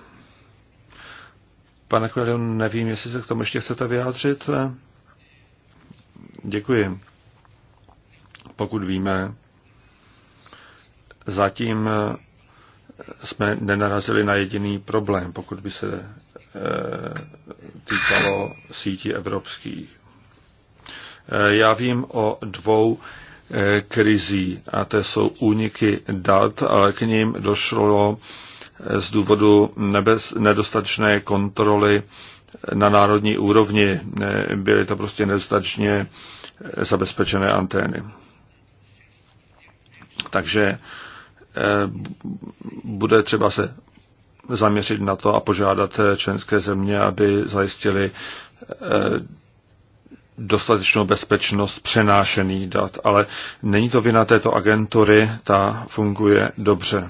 Pane Kvělion, nevím, jestli se k tomu ještě chcete vyjádřit. Děkuji. Pokud víme, zatím eh, jsme nenarazili na jediný problém, pokud by se Eh, týkalo sítí evropských. Eh, já vím o dvou eh, krizí, a to jsou úniky dat, ale k ním došlo z důvodu nebez, nedostatečné kontroly na národní úrovni. Byly to prostě nedostatečně zabezpečené antény. Takže bude třeba se zaměřit na to a požádat eh, členské země, aby zajistili eh, dostatečnou bezpečnost přenášených dat, ale není to vina této agentury, ta funguje dobře.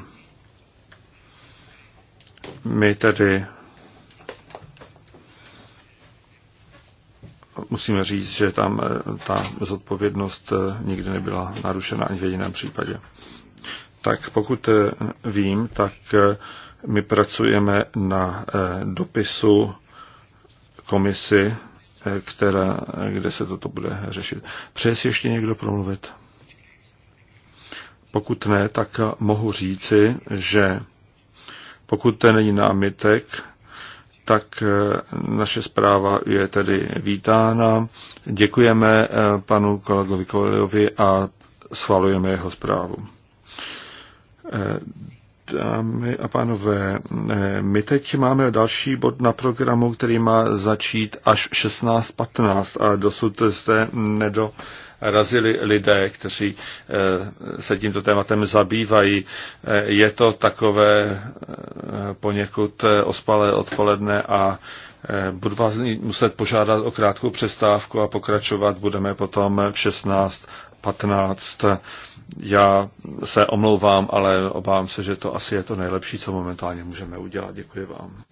My tedy musíme říct, že tam eh, ta zodpovědnost nikdy nebyla narušena ani v jediném případě. Tak pokud vím, tak my pracujeme na eh, dopisu komisi, eh, která, kde se toto bude řešit. Přeje si ještě někdo promluvit? Pokud ne, tak mohu říci, že pokud to není námitek, tak eh, naše zpráva je tedy vítána. Děkujeme panu kolegovi Kolejovi a schvalujeme jeho zprávu dámy a pánové, eh, my teď máme další bod na programu, který má začít až 16.15 a dosud jste nedo razili lidé, kteří eh, se tímto tématem zabývají. Eh, je to takové poněkud ospalé odpoledne a budu vás muset požádat o krátkou přestávku a pokračovat budeme potom v 16 15. Já se omlouvám, ale obávám se, že to asi je to nejlepší, co momentálně můžeme udělat. Děkuji vám.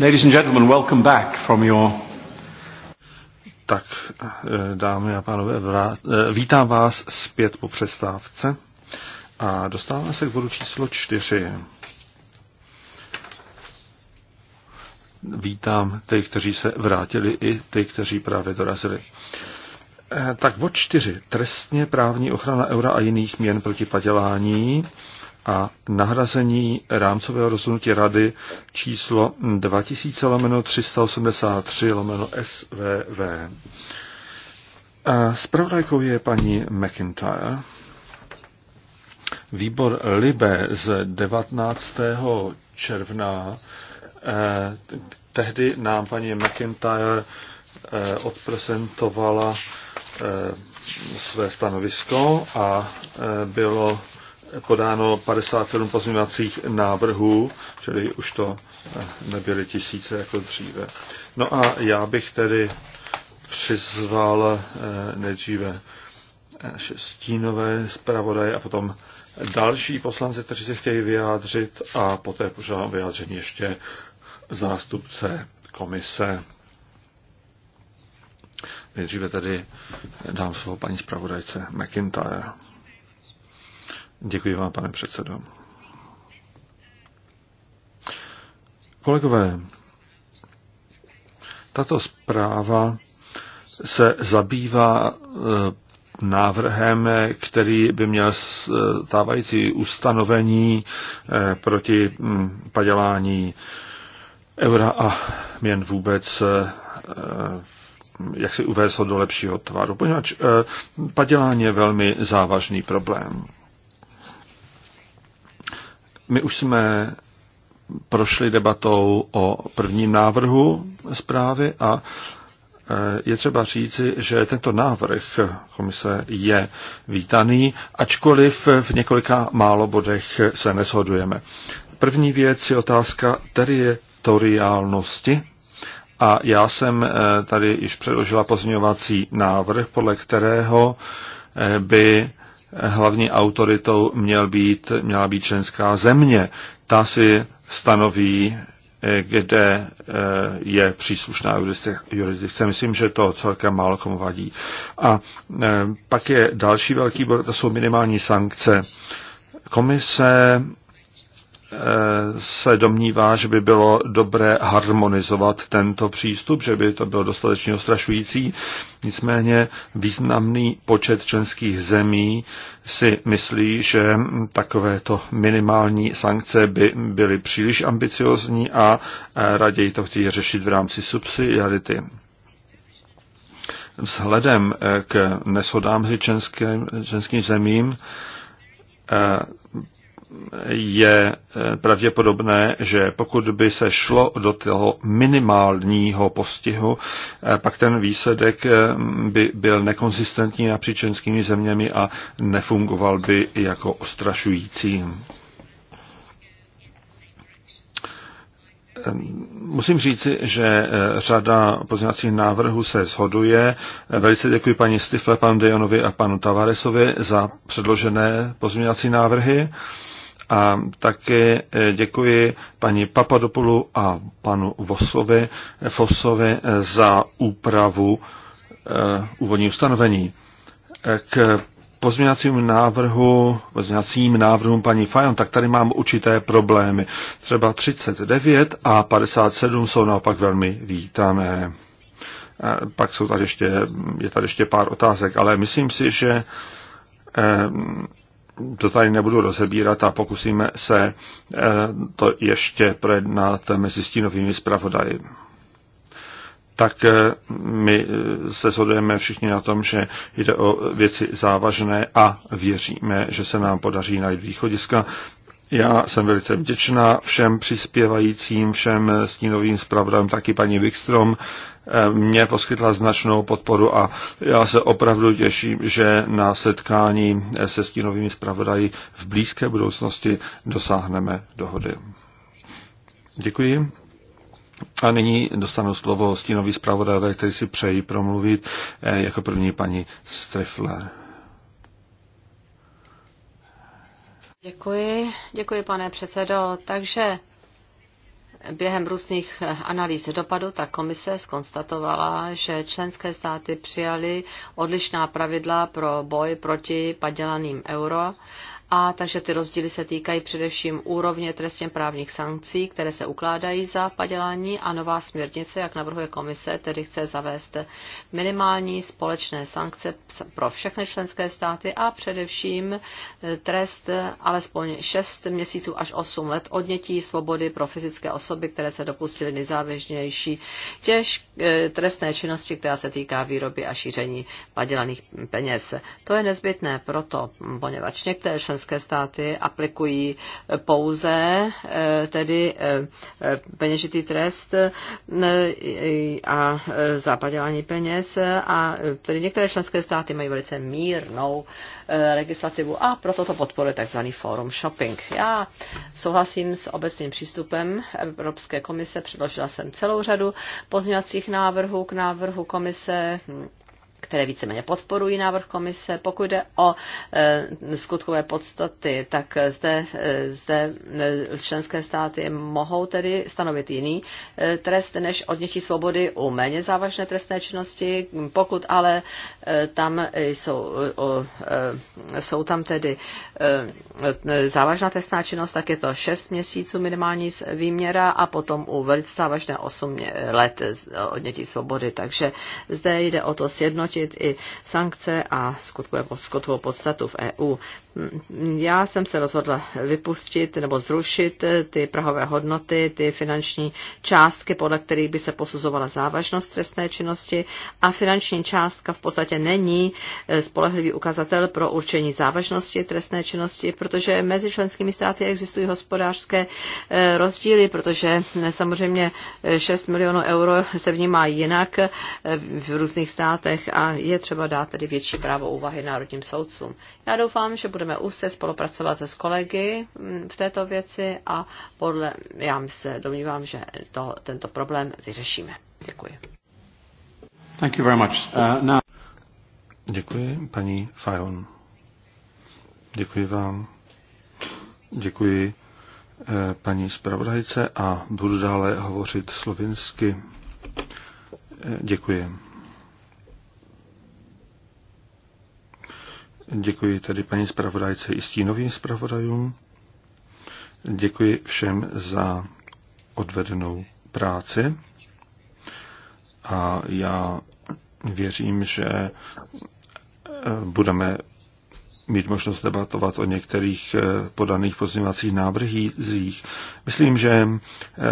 Ladies and gentlemen, welcome back from your... Tak, eh, dámy a pánové, eh, vítám vás zpět po přestávce a dostáváme se k bodu číslo čtyři. Vítám ty, kteří se vrátili i ty, kteří právě dorazili. Eh, tak bod čtyři. Trestně právní ochrana eura a jiných měn proti padělání a nahrazení rámcového rozhodnutí rady číslo 2000 lomeno 383 lomeno SVV. Spravodajkou je paní McIntyre. Výbor Libe z 19. června eh, tehdy nám paní McIntyre eh, odprezentovala eh, své stanovisko a eh, bylo podáno 57 pozměňovacích návrhů, čili už to eh, nebyly tisíce jako dříve. No a já bych tedy přizval eh, nejdříve eh, stínové zpravodaje a potom další poslance, kteří se chtějí vyjádřit a poté požádám vyjádření ještě zástupce komise. Nejdříve tedy dám slovo paní zpravodajce McIntyre. Děkuji vám, pane předsedo. Kolegové, tato zpráva se zabývá eh, návrhem, který by měl eh, stávající ustanovení eh, proti hm, padělání eura a měn vůbec jak si uvést ho do lepšího tvaru, poněvadž padělání je velmi závažný problém. My už jsme prošli debatou o prvním návrhu zprávy a eh, je třeba říci, že tento návrh komise je vítaný, ačkoliv v několika málo bodech se neshodujeme. První věc je otázka teritoriálnosti a já jsem eh, tady již předložila pozměňovací návrh, podle kterého eh, by hlavní autoritou měl být, měla být členská země. Ta si stanoví, kde eh, je příslušná jurisdikce. Myslím, že to celkem málo komu vadí. A eh, pak je další velký bod, to jsou minimální sankce. Komise se domnívá, že by bylo dobré harmonizovat tento přístup, že by to bylo dostatečně ostrašující. Nicméně významný počet členských zemí si myslí, že takovéto minimální sankce by byly příliš ambiciozní a raději to chtějí řešit v rámci subsidiarity. Vzhledem k neshodám s členským, zemím je eh, pravděpodobné, že pokud by se šlo do toho minimálního postihu, eh, pak ten výsledek eh, by byl nekonzistentní napříč členskými zeměmi a nefungoval by jako ostrašující. Musím říci, že řada pozměňovacích návrhů se shoduje. Velice děkuji paní Stifle, panu Dejonovi a panu Tavaresovi za předložené pozměňovací návrhy. A také eh, děkuji paní Papadopoulu a panu Vosovi, eh, Fosovi eh, za úpravu úvodní ustanovení. K pozměňovacím návrhu, pozměňovacím návrhům paní Fajon, tak tady mám určité problémy. Třeba 39 a 57 jsou naopak velmi vítané. Pak jsou tady ještě, je tady ještě pár otázek, ale myslím si, že to tady nebudu rozebírat a pokusíme se eh, to ještě projednat mezi stínovými zpravodaji. Tak eh, my eh, se shodujeme všichni na tom, že jde o věci závažné a věříme, že se nám podaří najít východiska, já jsem velice vděčná všem přispěvajícím, všem stínovým zpravodajům, taky paní Wikstrom eh, mě poskytla značnou podporu a já se opravdu těším, že na setkání eh, se stínovými zpravodaji v blízké budoucnosti dosáhneme dohody. Děkuji. A nyní dostanu slovo stínový zpravodajové, který si přejí promluvit eh, jako první paní Strifler. Děkuji, děkuji pane předsedo. Takže během různých analýz dopadu ta komise skonstatovala, že členské státy přijaly odlišná pravidla pro boj proti padělaným euro a takže ty rozdíly se týkají především úrovně trestně právních sankcí, které se ukládají za padělání a nová směrnice, jak navrhuje komise, tedy chce zavést minimální společné sankce pro všechny členské státy a především eh, trest alespoň 6 měsíců až 8 let odnětí svobody pro fyzické osoby, které se dopustily nejzávěžnější těž eh, trestné činnosti, která se týká výroby a šíření padělaných peněz. To je nezbytné proto, poněvadž některé členské státy aplikují pouze eh, tedy eh, peněžitý trest eh, a zapadělání peněz a tedy některé členské státy mají velice mírnou legislativu a proto to podporuje tzv. forum shopping. Já souhlasím s obecným přístupem Evropské komise, předložila jsem celou řadu pozměňovacích návrhů k návrhu komise hm, které víceméně podporují návrh komise. Pokud jde o e, skutkové podstaty, tak eh, zde, e, zde členské státy mohou tedy stanovit jiný e, trest než odnětí svobody u méně závažné trestné činnosti, pokud ale e, tam jsou, o, e, jsou tam tedy e, závažná trestná činnost, tak je to 6 měsíců minimální výměra a potom u velice závažné 8 let odnětí svobody. Takže zde jde o to sjednotit vyhodnotit i sankce a skutkové, skutkovou podstatu v EU. Já jsem se rozhodla vypustit nebo zrušit ty prahové hodnoty, ty finanční částky, podle kterých by se posuzovala závažnost trestné činnosti a finanční částka v podstatě není eh, spolehlivý ukazatel pro určení závažnosti trestné činnosti, protože mezi členskými státy existují hospodářské eh, rozdíly, protože eh, samozřejmě 6 milionů euro se vnímá jinak v různých státech a je třeba dát tedy větší právo úvahy národním soudcům. Já doufám, že budeme úzce spolupracovat se s kolegy mm, v této věci a podle, já se domnívám, že to, tento problém vyřešíme. Děkuji. Thank you very much. Uh, now... Děkuji, paní Fajon. Děkuji vám. Děkuji eh, paní zpravodajce a budu dále hovořit slovinsky. Eh, děkuji. Děkuji tedy paní zpravodajce i stínovým zpravodajům. Děkuji všem za odvedenou práci a já věřím, že eh, budeme mít možnost debatovat o některých eh, podaných pozměňovacích návrhích. Myslím, že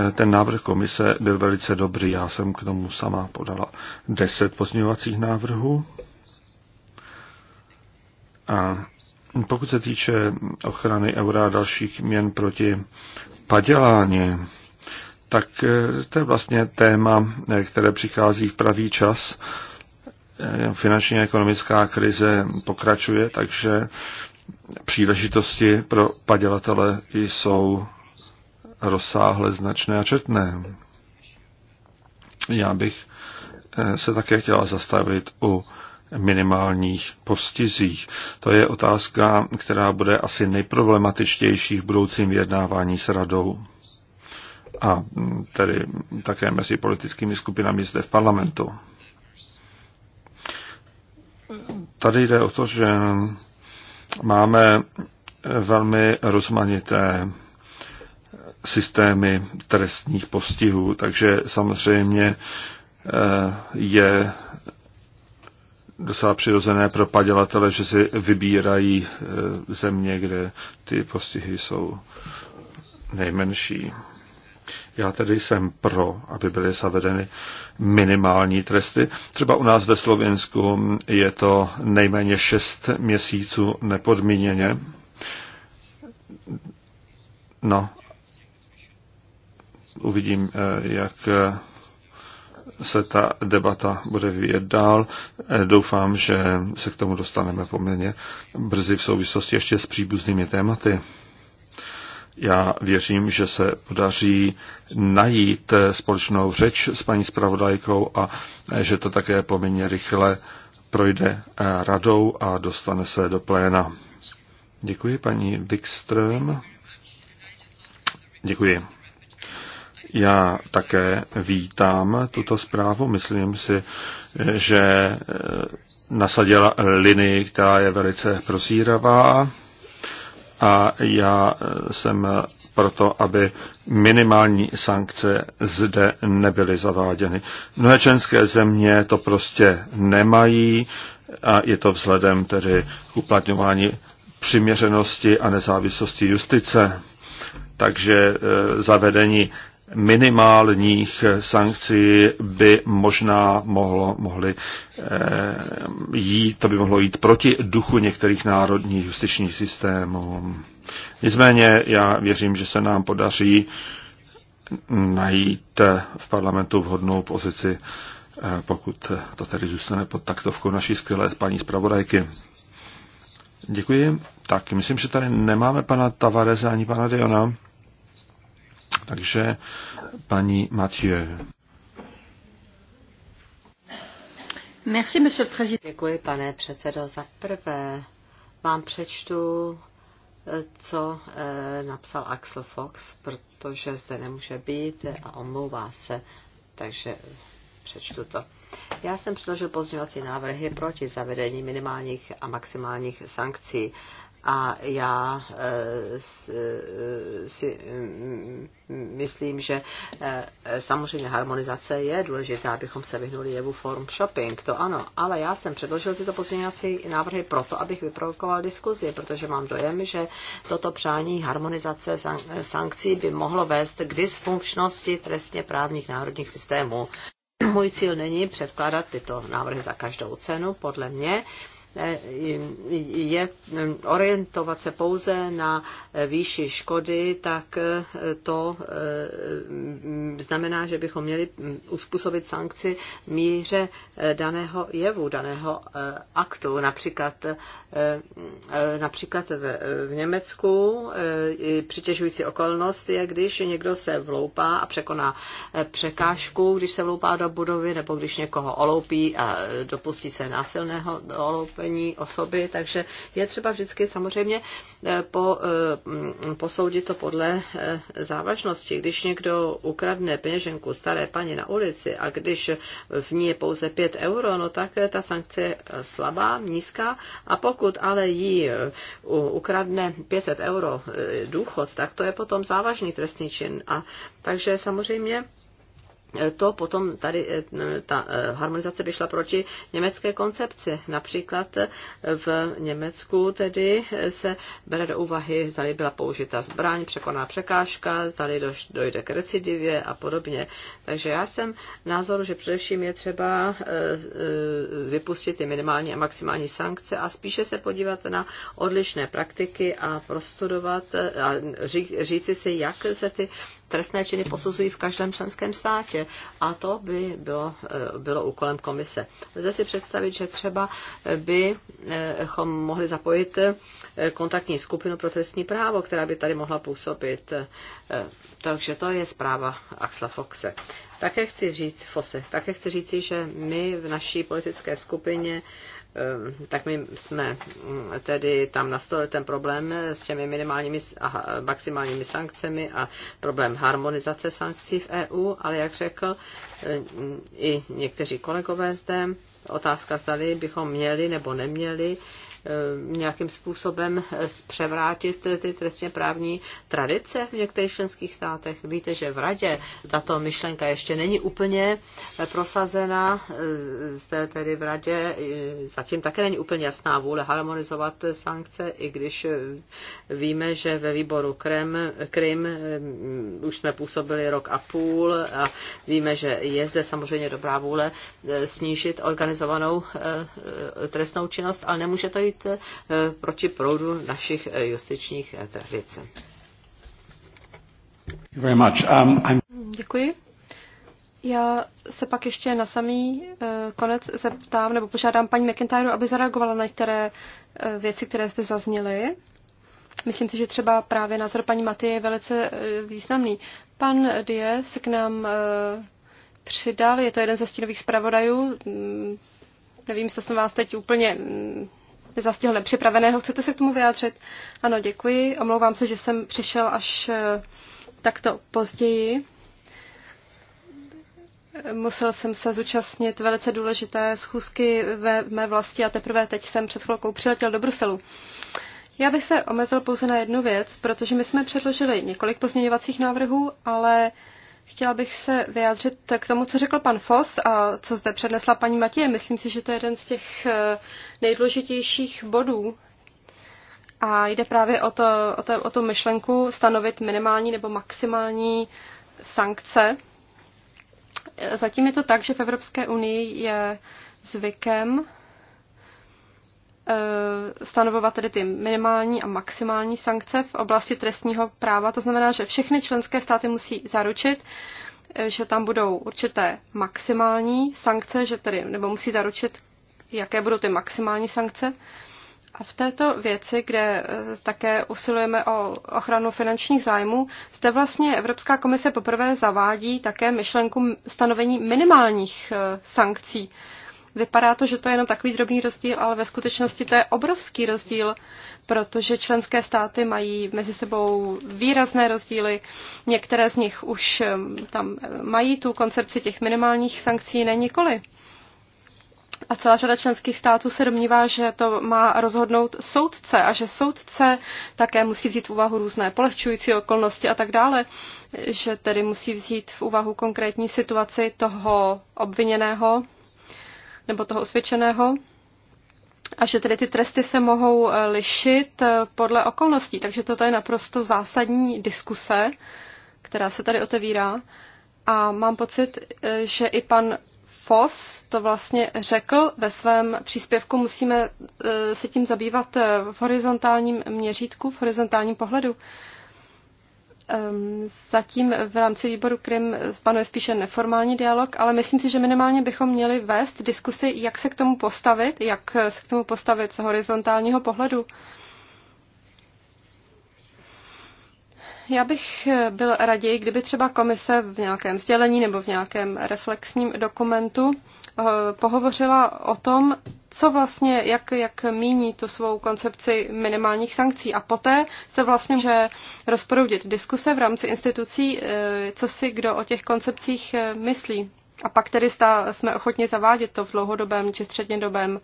eh, ten návrh komise byl velice dobrý. Já jsem k tomu sama podala deset pozměňovacích návrhů a pokud se týče ochrany eura a dalších měn proti padělání, tak eh, to je vlastně téma, eh, které přichází v pravý čas. Eh, finanční a ekonomická krize pokračuje, takže příležitosti pro padělatele jsou rozsáhle, značné a četné. Já bych se také chtěla zastavit u minimálních postizích. To je otázka, která bude asi nejproblematičtější v budoucím vyjednávání s radou a tedy také mezi politickými skupinami zde v parlamentu. Tady jde o to, že máme velmi rozmanité systémy trestních postihů, takže samozřejmě eh, je docela přirozené pro padělatele, že si vybírají e, země, kde ty postihy jsou nejmenší. Já tedy jsem pro, aby byly zavedeny minimální tresty. Třeba u nás ve Slovensku je to nejméně 6 měsíců nepodmíněně. No, uvidím, e, jak se ta debata bude vyvíjet dál. Eh, doufám, že se k tomu dostaneme poměrně brzy v souvislosti ještě s příbuznými tématy. Já věřím, že se podaří najít eh, společnou řeč s paní spravodajkou a eh, že to také poměrně rychle projde radou a dostane se do pléna. Děkuji paní Wikström. Děkuji. Já také vítám tuto zprávu. Myslím si, že eh, nasadila linii, která je velice prozíravá a já eh, jsem proto, aby minimální sankce zde nebyly zaváděny. Mnohé členské země to prostě nemají a je to vzhledem tedy k uplatňování přiměřenosti a nezávislosti justice. Takže eh, zavedení minimálních sankcí by možná mohlo, mohly eh, jít, to by mohlo jít proti duchu některých národních justičních systémů. Nicméně já věřím, že se nám podaří najít v parlamentu vhodnou pozici, eh, pokud to tedy zůstane pod taktovkou naší skvělé paní zpravodajky. Děkuji. Tak, myslím, že tady nemáme pana Tavareza ani pana Diona. Takže paní Mathieu. Merci, monsieur le président. Děkuji, pane předsedo. Za prvé vám přečtu, co eh, napsal Axel Fox, protože zde nemůže být a omlouvá se, takže přečtu to. Já jsem předložil pozměňovací návrhy proti zavedení minimálních a maximálních sankcí a já eh, eh, si mm, mm, myslím, že eh, samozřejmě harmonizace je důležitá, abychom se vyhnuli jevu form shopping, to ano, ale já jsem předložil tyto pozměňovací návrhy proto, abych vyprovokoval diskuzi, protože mám dojem, že toto přání harmonizace sankcí by mohlo vést k dysfunkčnosti trestně právních národních systémů. Můj cíl není předkládat tyto návrhy za každou cenu, podle mě je orientovat se pouze na výši škody, tak to eh, znamená, že bychom měli uspůsobit sankci míře daného jevu, daného eh, aktu. Například, eh, například v Německu přitěžující okolnost je, když někdo se vloupá a překoná překážku, když se vloupá do budovy, nebo když někoho oloupí a dopustí se násilného oloupy postavení osoby, takže je třeba vždycky samozřejmě eh, po, eh, posoudit to podle eh, závažnosti. Když někdo ukradne peněženku staré paní na ulici a když v ní je pouze 5 euro, no tak ta sankce je slabá, nízká a pokud ale jí ukradne 500 euro důchod, tak to je potom závažný trestný čin. A, takže samozřejmě to potom tady eh, ta eh, harmonizace by šla proti německé koncepci. Například eh, v Německu tedy se bere do úvahy, zda byla použita zbraň, překoná překážka, zda dojde k recidivě a podobně. Takže já jsem názoru, že především je třeba vypustit ty minimální a maximální sankce a spíše se podívat na odlišné praktiky a prostudovat a říci si, jak se ty trestné činy posuzují v každém členském státě. A to by bylo, eh, bylo úkolem komise. Lze si představit, že třeba bychom eh, mohli zapojit eh, kontaktní skupinu pro trestní právo, která by tady mohla působit. Takže to je zpráva Axla Foxe. Také chci říct, Fose, také chci říci, že my v naší politické skupině Ehm, tak my jsme mm, tedy tam nastolili ten problém s těmi minimálními a maximálními sankcemi a problém harmonizace sankcí v EU, ale jak řekl ehm, i někteří kolegové zde, otázka zdali bychom měli nebo neměli Eh, nějakým způsobem zpřevrátit eh, ty trestně právní tradice v některých členských státech. Víte, že v radě tato myšlenka ještě není úplně eh, prosazena, zde tedy v radě zatím také není úplně jasná vůle harmonizovat sankce, i když víme, že ve výboru Krem, Krim už jsme působili rok a půl a víme, že je zde samozřejmě dobrá vůle snížit organizovanou trestnou činnost, ale nemůže to jít jít eh, proti proudu našich eh, justičních eh, tradic. Um, Děkuji. Já se pak ještě na samý konec zeptám nebo požádám paní McIntyre, aby zareagovala na některé věci, které jste zazněly. Myslím si, že třeba právě názor paní Maty je velice významný. Pan Die se k nám přidal, je to jeden ze stínových zpravodajů. Mm, nevím, jestli jsem vás teď úplně mm, nezastihl zastihl nepřipraveného. Chcete se k tomu vyjádřit? Ano, děkuji. Omlouvám se, že jsem přišel až eh, takto později. Musel jsem se zúčastnit velice důležité schůzky ve mé vlasti a teprve teď jsem před chvilkou přiletěl do Bruselu. Já bych se omezil pouze na jednu věc, protože my jsme předložili několik pozměňovacích návrhů, ale Chtěla bych se vyjádřit k tomu, co řekl pan Fos a co zde přednesla paní Matěje. Myslím si, že to je jeden z těch eh, nejdůležitějších bodů. A jde právě o, to, o, to, o tu myšlenku stanovit minimální nebo maximální sankce. Zatím je to tak, že v Evropské unii je zvykem Eh, stanovovat tedy ty minimální a maximální sankce v oblasti trestního práva. To znamená, že všechny členské státy musí zaručit, eh, že tam budou určité maximální sankce, že tedy, nebo musí zaručit, jaké budou ty maximální sankce. A v této věci, kde eh, také usilujeme o ochranu finančních zájmů, zde vlastně Evropská komise poprvé zavádí také myšlenku stanovení minimálních sankcí. Vypadá to, že to je jenom takový drobný rozdíl, ale ve skutečnosti to je obrovský rozdíl, protože členské státy mají mezi sebou výrazné rozdíly. Některé z nich už tam mají tu koncepci těch minimálních sankcí, ne nikoli. A celá řada členských států se domnívá, že to má rozhodnout soudce a že soudce také musí vzít v úvahu různé polehčující okolnosti a tak dále, že tedy musí vzít v úvahu konkrétní situaci toho obviněného nebo toho osvědčeného a že tedy ty tresty se mohou eh, lišit eh, podle okolností. Takže toto je naprosto zásadní diskuse, která se tady otevírá. A mám pocit, eh, že i pan Foss to vlastně řekl ve svém příspěvku, musíme se tím zabývat v horizontálním měřítku, v horizontálním pohledu. Ehm, zatím v rámci výboru Krim panuje spíše neformální dialog, ale myslím si, že minimálně bychom měli vést diskusy, jak se k tomu postavit, jak se k tomu postavit z horizontálního pohledu. Já bych byl raději, kdyby třeba komise v nějakém sdělení nebo v nějakém reflexním dokumentu eh, pohovořila o tom, co vlastně, jak, jak míní tu svou koncepci minimálních sankcí. A poté se vlastně může rozproudit diskuse v rámci institucí, eh, co si kdo o těch koncepcích eh, myslí. A pak tedy stá, jsme ochotni zavádět to v dlouhodobém či střednědobém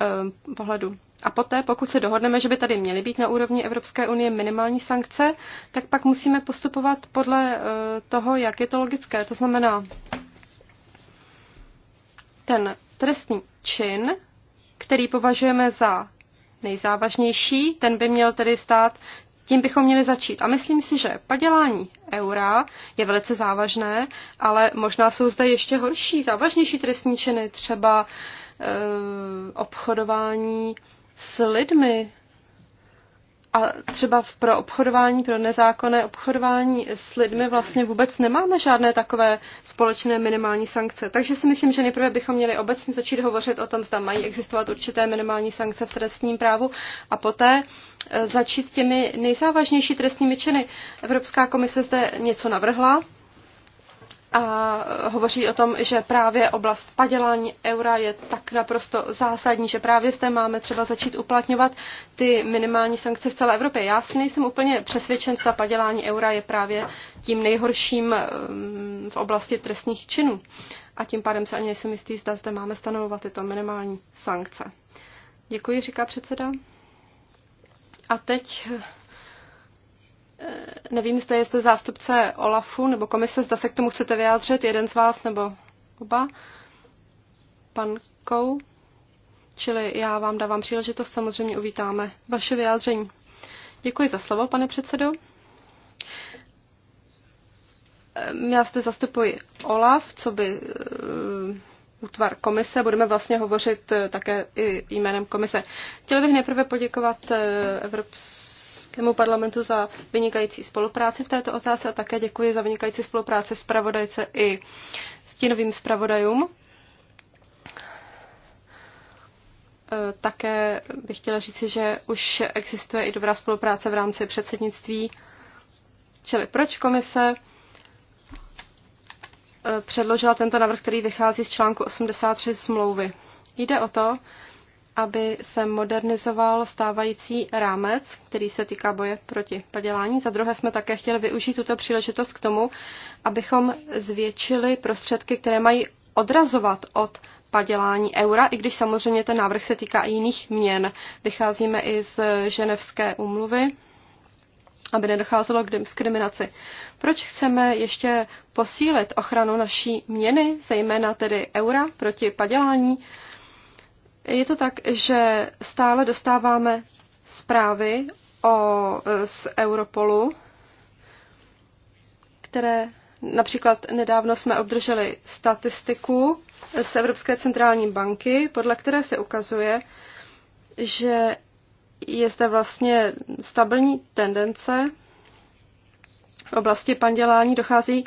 eh, pohledu. A poté, pokud se dohodneme, že by tady měly být na úrovni Evropské unie minimální sankce, tak pak musíme postupovat podle toho, jak je to logické. To znamená, ten Trestný čin, který považujeme za nejzávažnější, ten by měl tedy stát, tím bychom měli začít. A myslím si, že padělání eura je velice závažné, ale možná jsou zde ještě horší, závažnější trestní činy, třeba e, obchodování s lidmi, a třeba pro obchodování, pro nezákonné obchodování s lidmi vlastně vůbec nemáme žádné takové společné minimální sankce. Takže si myslím, že nejprve bychom měli obecně začít hovořit o tom, zda mají existovat určité minimální sankce v trestním právu a poté e, začít těmi nejzávažnější trestními činy. Evropská komise zde něco navrhla, a hovoří o tom, že právě oblast padělání eura je tak naprosto zásadní, že právě zde máme třeba začít uplatňovat ty minimální sankce v celé Evropě. Já si nejsem úplně přesvědčen, že padělání eura je právě tím nejhorším ehm, v oblasti trestních činů. A tím pádem se ani nejsem jistý, zda zde máme stanovovat tyto minimální sankce. Děkuji, říká předseda. A teď Nevím, zda je zde zástupce OLAFu nebo komise, zda se k tomu chcete vyjádřit, jeden z vás nebo oba. Pan Kou. Čili já vám dávám příležitost, samozřejmě uvítáme vaše vyjádření. Děkuji za slovo, pane předsedo. Já zde zastupuji OLAF, co by eh, útvar komise. Budeme vlastně hovořit eh, také i jménem komise. Chtěl bych nejprve poděkovat eh, Evropské Evropskému parlamentu za vynikající spolupráci v této otázce a také děkuji za vynikající spolupráci s pravodajce i stínovým zpravodajům. E, také bych chtěla říci, že už existuje i dobrá spolupráce v rámci předsednictví, čili proč komise e, předložila tento návrh, který vychází z článku 83 smlouvy. Jde o to, aby se modernizoval stávající rámec, který se týká boje proti padělání. Za druhé jsme také chtěli využít tuto příležitost k tomu, abychom zvětšili prostředky, které mají odrazovat od padělání eura, i když samozřejmě ten návrh se týká i jiných měn. Vycházíme i z ženevské úmluvy, aby nedocházelo k diskriminaci. Proč chceme ještě posílit ochranu naší měny, zejména tedy eura proti padělání? Je to tak, že stále dostáváme zprávy o, e, z Europolu, které například nedávno jsme obdrželi statistiku z Evropské centrální banky, podle které se ukazuje, že je zde vlastně stabilní tendence v oblasti padělání, dochází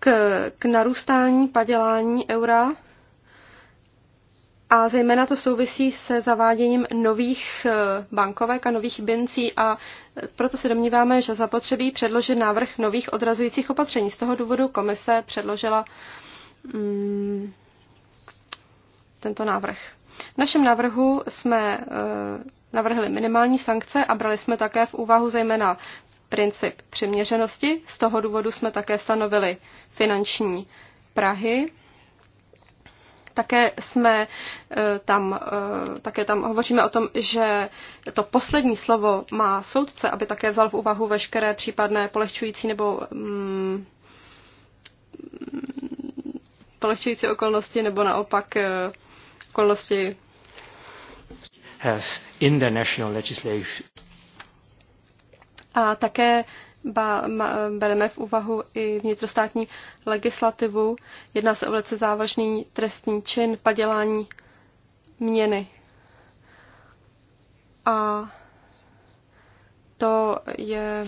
k, k narůstání padělání eura a zejména to souvisí se zaváděním nových eh, bankovek a nových bincí a eh, proto se domníváme, že zapotřebí předložit návrh nových odrazujících opatření. Z toho důvodu komise předložila mm, tento návrh. V našem návrhu jsme eh, navrhli minimální sankce a brali jsme také v úvahu zejména princip přiměřenosti. Z toho důvodu jsme také stanovili finanční Prahy také jsme eh, tam, eh, také tam hovoříme o tom, že to poslední slovo má soudce, aby také vzal v úvahu veškeré případné polehčující nebo mm, mm polehčující okolnosti nebo naopak eh, okolnosti. Has national legislation. A také bereme v úvahu i vnitrostátní legislativu. Jedná se o velice závažný trestný čin padělání měny. A to je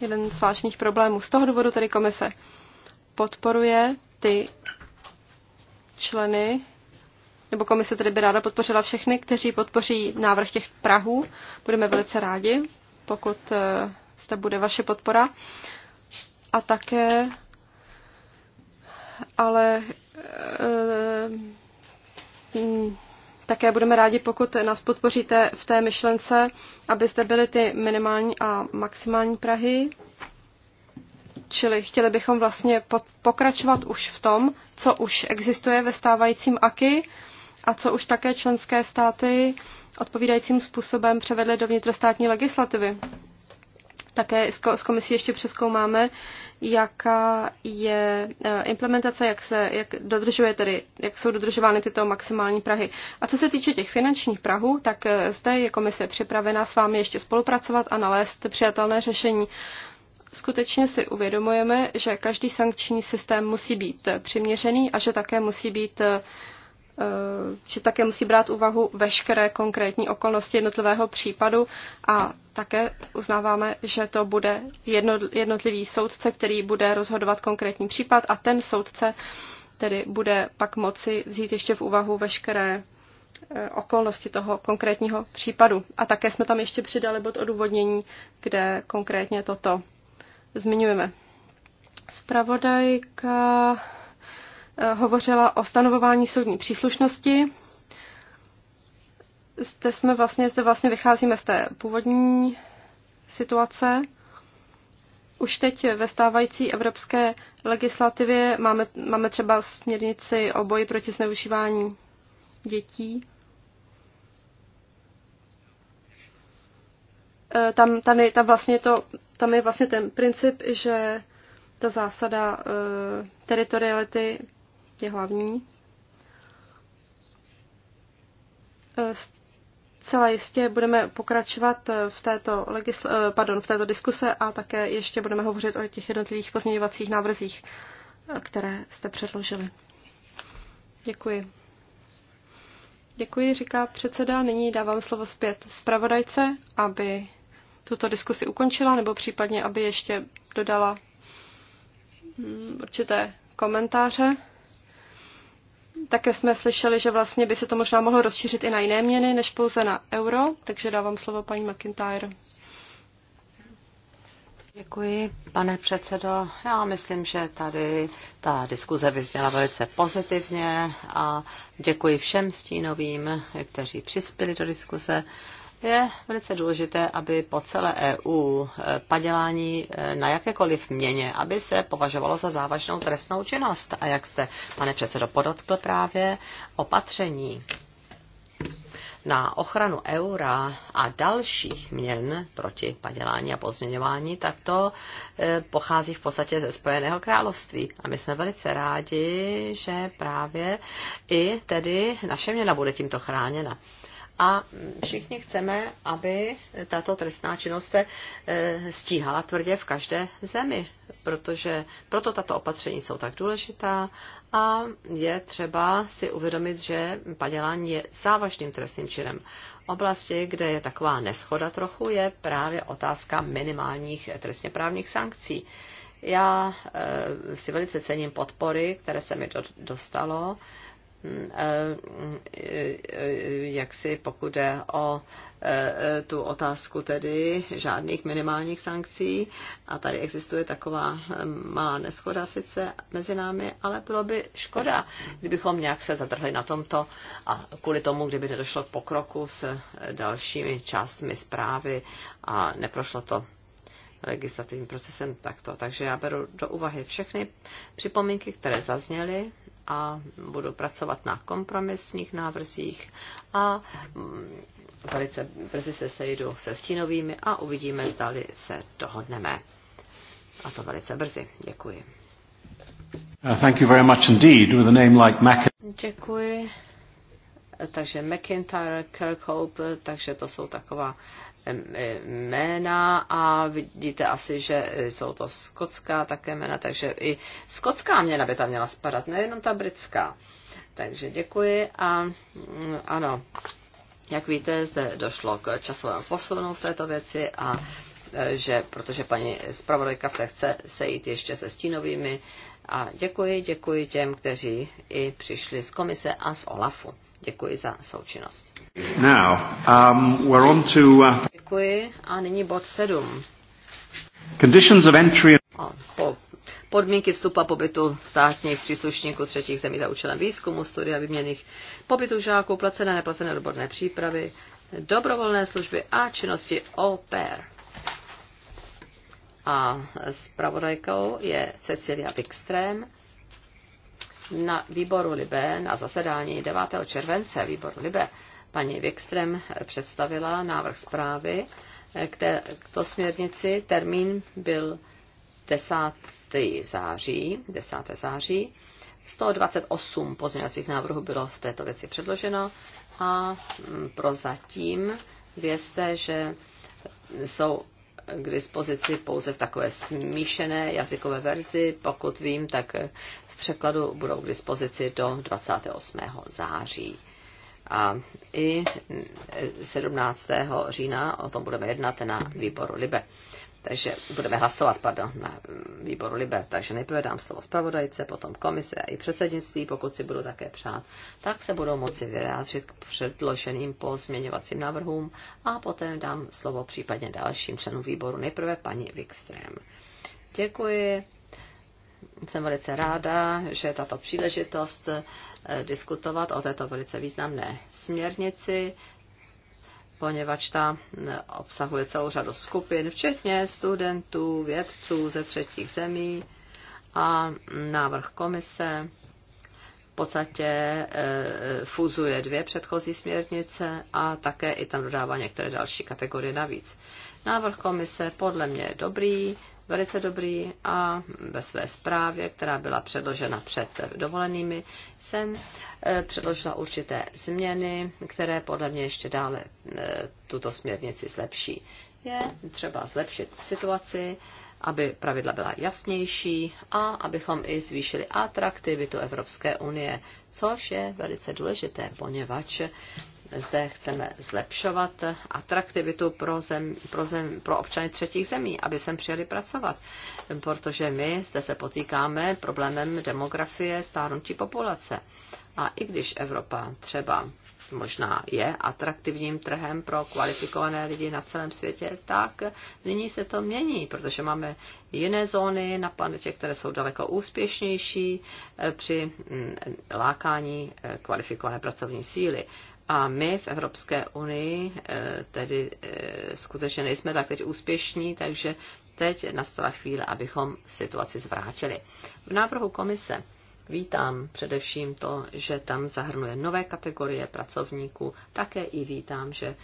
jeden z vážných problémů. Z toho důvodu tedy komise podporuje ty členy, nebo komise tedy by ráda podpořila všechny, kteří podpoří návrh těch Prahů. Budeme velice rádi, pokud eh, zde bude vaše podpora. A také ale eh, mm, také budeme rádi, pokud nás podpoříte v té myšlence, aby zde byly ty minimální a maximální Prahy. Čili chtěli bychom vlastně pokračovat už v tom, co už existuje ve stávajícím AKI a co už také členské státy odpovídajícím způsobem převedly do vnitrostátní legislativy. Také s komisí ještě přeskoumáme, jaká je e, implementace, jak, se, jak, dodržuje tedy, jak jsou dodržovány tyto maximální Prahy. A co se týče těch finančních Prahů, tak e, zde je komise připravena s vámi ještě spolupracovat a nalézt přijatelné řešení. Skutečně si uvědomujeme, že každý sankční systém musí být přiměřený a že také musí být uh, Eh, že také musí brát úvahu veškeré konkrétní okolnosti jednotlivého případu a také uznáváme, že to bude jednotlivý soudce, který bude rozhodovat konkrétní případ a ten soudce tedy bude pak moci vzít ještě v úvahu veškeré eh, okolnosti toho konkrétního případu. A také jsme tam ještě přidali bod odůvodnění, kde konkrétně toto zmiňujeme. Spravodajka hovořila o stanovování soudní příslušnosti. Zde jsme vlastně, zde vlastně vycházíme z té původní situace. Už teď ve stávající evropské legislativě máme, máme třeba směrnici o boji proti zneužívání dětí. E, tam, tam, je, tam, vlastně to, tam je vlastně ten princip, že ta zásada e, teritoriality ti hlavní. E, Celá jistě budeme pokračovat v této, legisl- e, pardon, v této diskuse a také ještě budeme hovořit o těch jednotlivých pozměňovacích návrzích, e, které jste předložili. Děkuji. Děkuji, říká předseda. Nyní dávám slovo zpět zpravodajce, aby tuto diskusi ukončila, nebo případně, aby ještě dodala mm, určité komentáře. Také jsme slyšeli, že vlastně by se to možná mohlo rozšířit i na jiné měny, než pouze na euro, takže dávám slovo paní McIntyre. Děkuji, pane předsedo. Já myslím, že tady ta diskuze vyzněla velice pozitivně a děkuji všem stínovým, kteří přispěli do diskuze. Je velice důležité, aby po celé EU eh, padělání eh, na jakékoliv měně, aby se považovalo za závažnou trestnou činnost. A jak jste, pane předsedo, podotkl právě, opatření na ochranu eura a dalších měn proti padělání a pozměňování, tak to eh, pochází v podstatě ze Spojeného království. A my jsme velice rádi, že právě i tedy naše měna bude tímto chráněna a všichni chceme, aby tato trestná činnost se eh, stíhala tvrdě v každé zemi, protože proto tato opatření jsou tak důležitá a je třeba si uvědomit, že padělání je závažným trestným činem. Oblasti, kde je taková neschoda trochu, je právě otázka minimálních eh, trestně právních sankcí. Já eh, si velice cením podpory, které se mi dostalo Eh, eh, eh, jak si pokud jde o tu otázku tedy žádných minimálních sankcí a tady existuje taková hm, malá neschoda sice mezi námi, ale bylo by škoda, kdybychom nějak se zadrhli na tomto a kvůli tomu, kdyby nedošlo k pokroku s dalšími částmi zprávy a neprošlo to legislativním procesem takto. Takže já beru do úvahy všechny připomínky, které zazněly a budu pracovat na kompromisních návrzích a mm, velice brzy se sejdu se stínovými a uvidíme, zdali se dohodneme. A to velice brzy. Děkuji. Uh, thank you very much indeed. With a name like Mac Děkuji. Takže McIntyre, Kirkhope, takže to jsou taková jména a vidíte asi, že jsou to skotská také jména, takže i skotská měna by tam měla spadat, nejenom ta britská. Takže děkuji a mm, ano, jak víte, zde došlo k časovému posunu v této věci a e, že protože paní zpravodajka se chce sejít ještě se stínovými a děkuji, děkuji těm, kteří i přišli z komise a z OLAFu. Děkuji za součinnost. Now, um, we're on to, uh... Děkuji. A nyní bod 7. Conditions of entry a po podmínky vstupu a pobytu státních příslušníků třetích zemí za účelem výzkumu, studia vyměných pobytu žáků, placené neplacené odborné přípravy, dobrovolné služby a činnosti au pair. A zpravodajkou je Cecilia Wikström na výboru Libe na zasedání 9. července výboru Libe Paní Wikström představila návrh zprávy k, té, k to směrnici. Termín byl 10. září, 10. září. 128 pozměňovacích návrhů bylo v této věci předloženo a mm, prozatím vězte, že jsou k dispozici pouze v takové smíšené jazykové verzi. Pokud vím, tak v překladu budou k dispozici do 28. září a i 17. října o tom budeme jednat na výboru Libe. Takže budeme hlasovat, pardon, na výboru Libe. Takže nejprve dám slovo zpravodajce, potom komise a i předsednictví, pokud si budu také přát, tak se budou moci vyjádřit k předloženým pozměňovacím návrhům a poté dám slovo případně dalším členům výboru, nejprve paní Wikström. Děkuji jsem velice ráda, že je tato příležitost eh, diskutovat o této velice významné směrnici, poněvadž ta eh, obsahuje celou řadu skupin, včetně studentů, vědců ze třetích zemí a návrh komise v podstatě eh, fuzuje dvě předchozí směrnice a také i tam dodává některé další kategorie navíc. Návrh komise podle mě je dobrý, velice dobrý a ve své zprávě, která byla předložena před dovolenými, jsem eh, předložila určité změny, které podle mě ještě dále eh, tuto směrnici zlepší. Je třeba zlepšit situaci, aby pravidla byla jasnější a abychom i zvýšili atraktivitu Evropské unie, což je velice důležité, poněvadž zde chceme zlepšovat atraktivitu pro, zem, pro, zem, pro občany třetích zemí, aby sem přijeli pracovat. Protože my zde se potýkáme problémem demografie stárnutí populace. A i když Evropa třeba možná je atraktivním trhem pro kvalifikované lidi na celém světě, tak nyní se to mění, protože máme jiné zóny na planetě, které jsou daleko úspěšnější eh, při mm, lákání eh, kvalifikované pracovní síly. A my v Evropské unii eh, tedy eh, skutečně nejsme tak teď úspěšní, takže teď nastala chvíle, abychom situaci zvrátili. V návrhu komise vítám především to, že tam zahrnuje nové kategorie pracovníků, také i vítám, že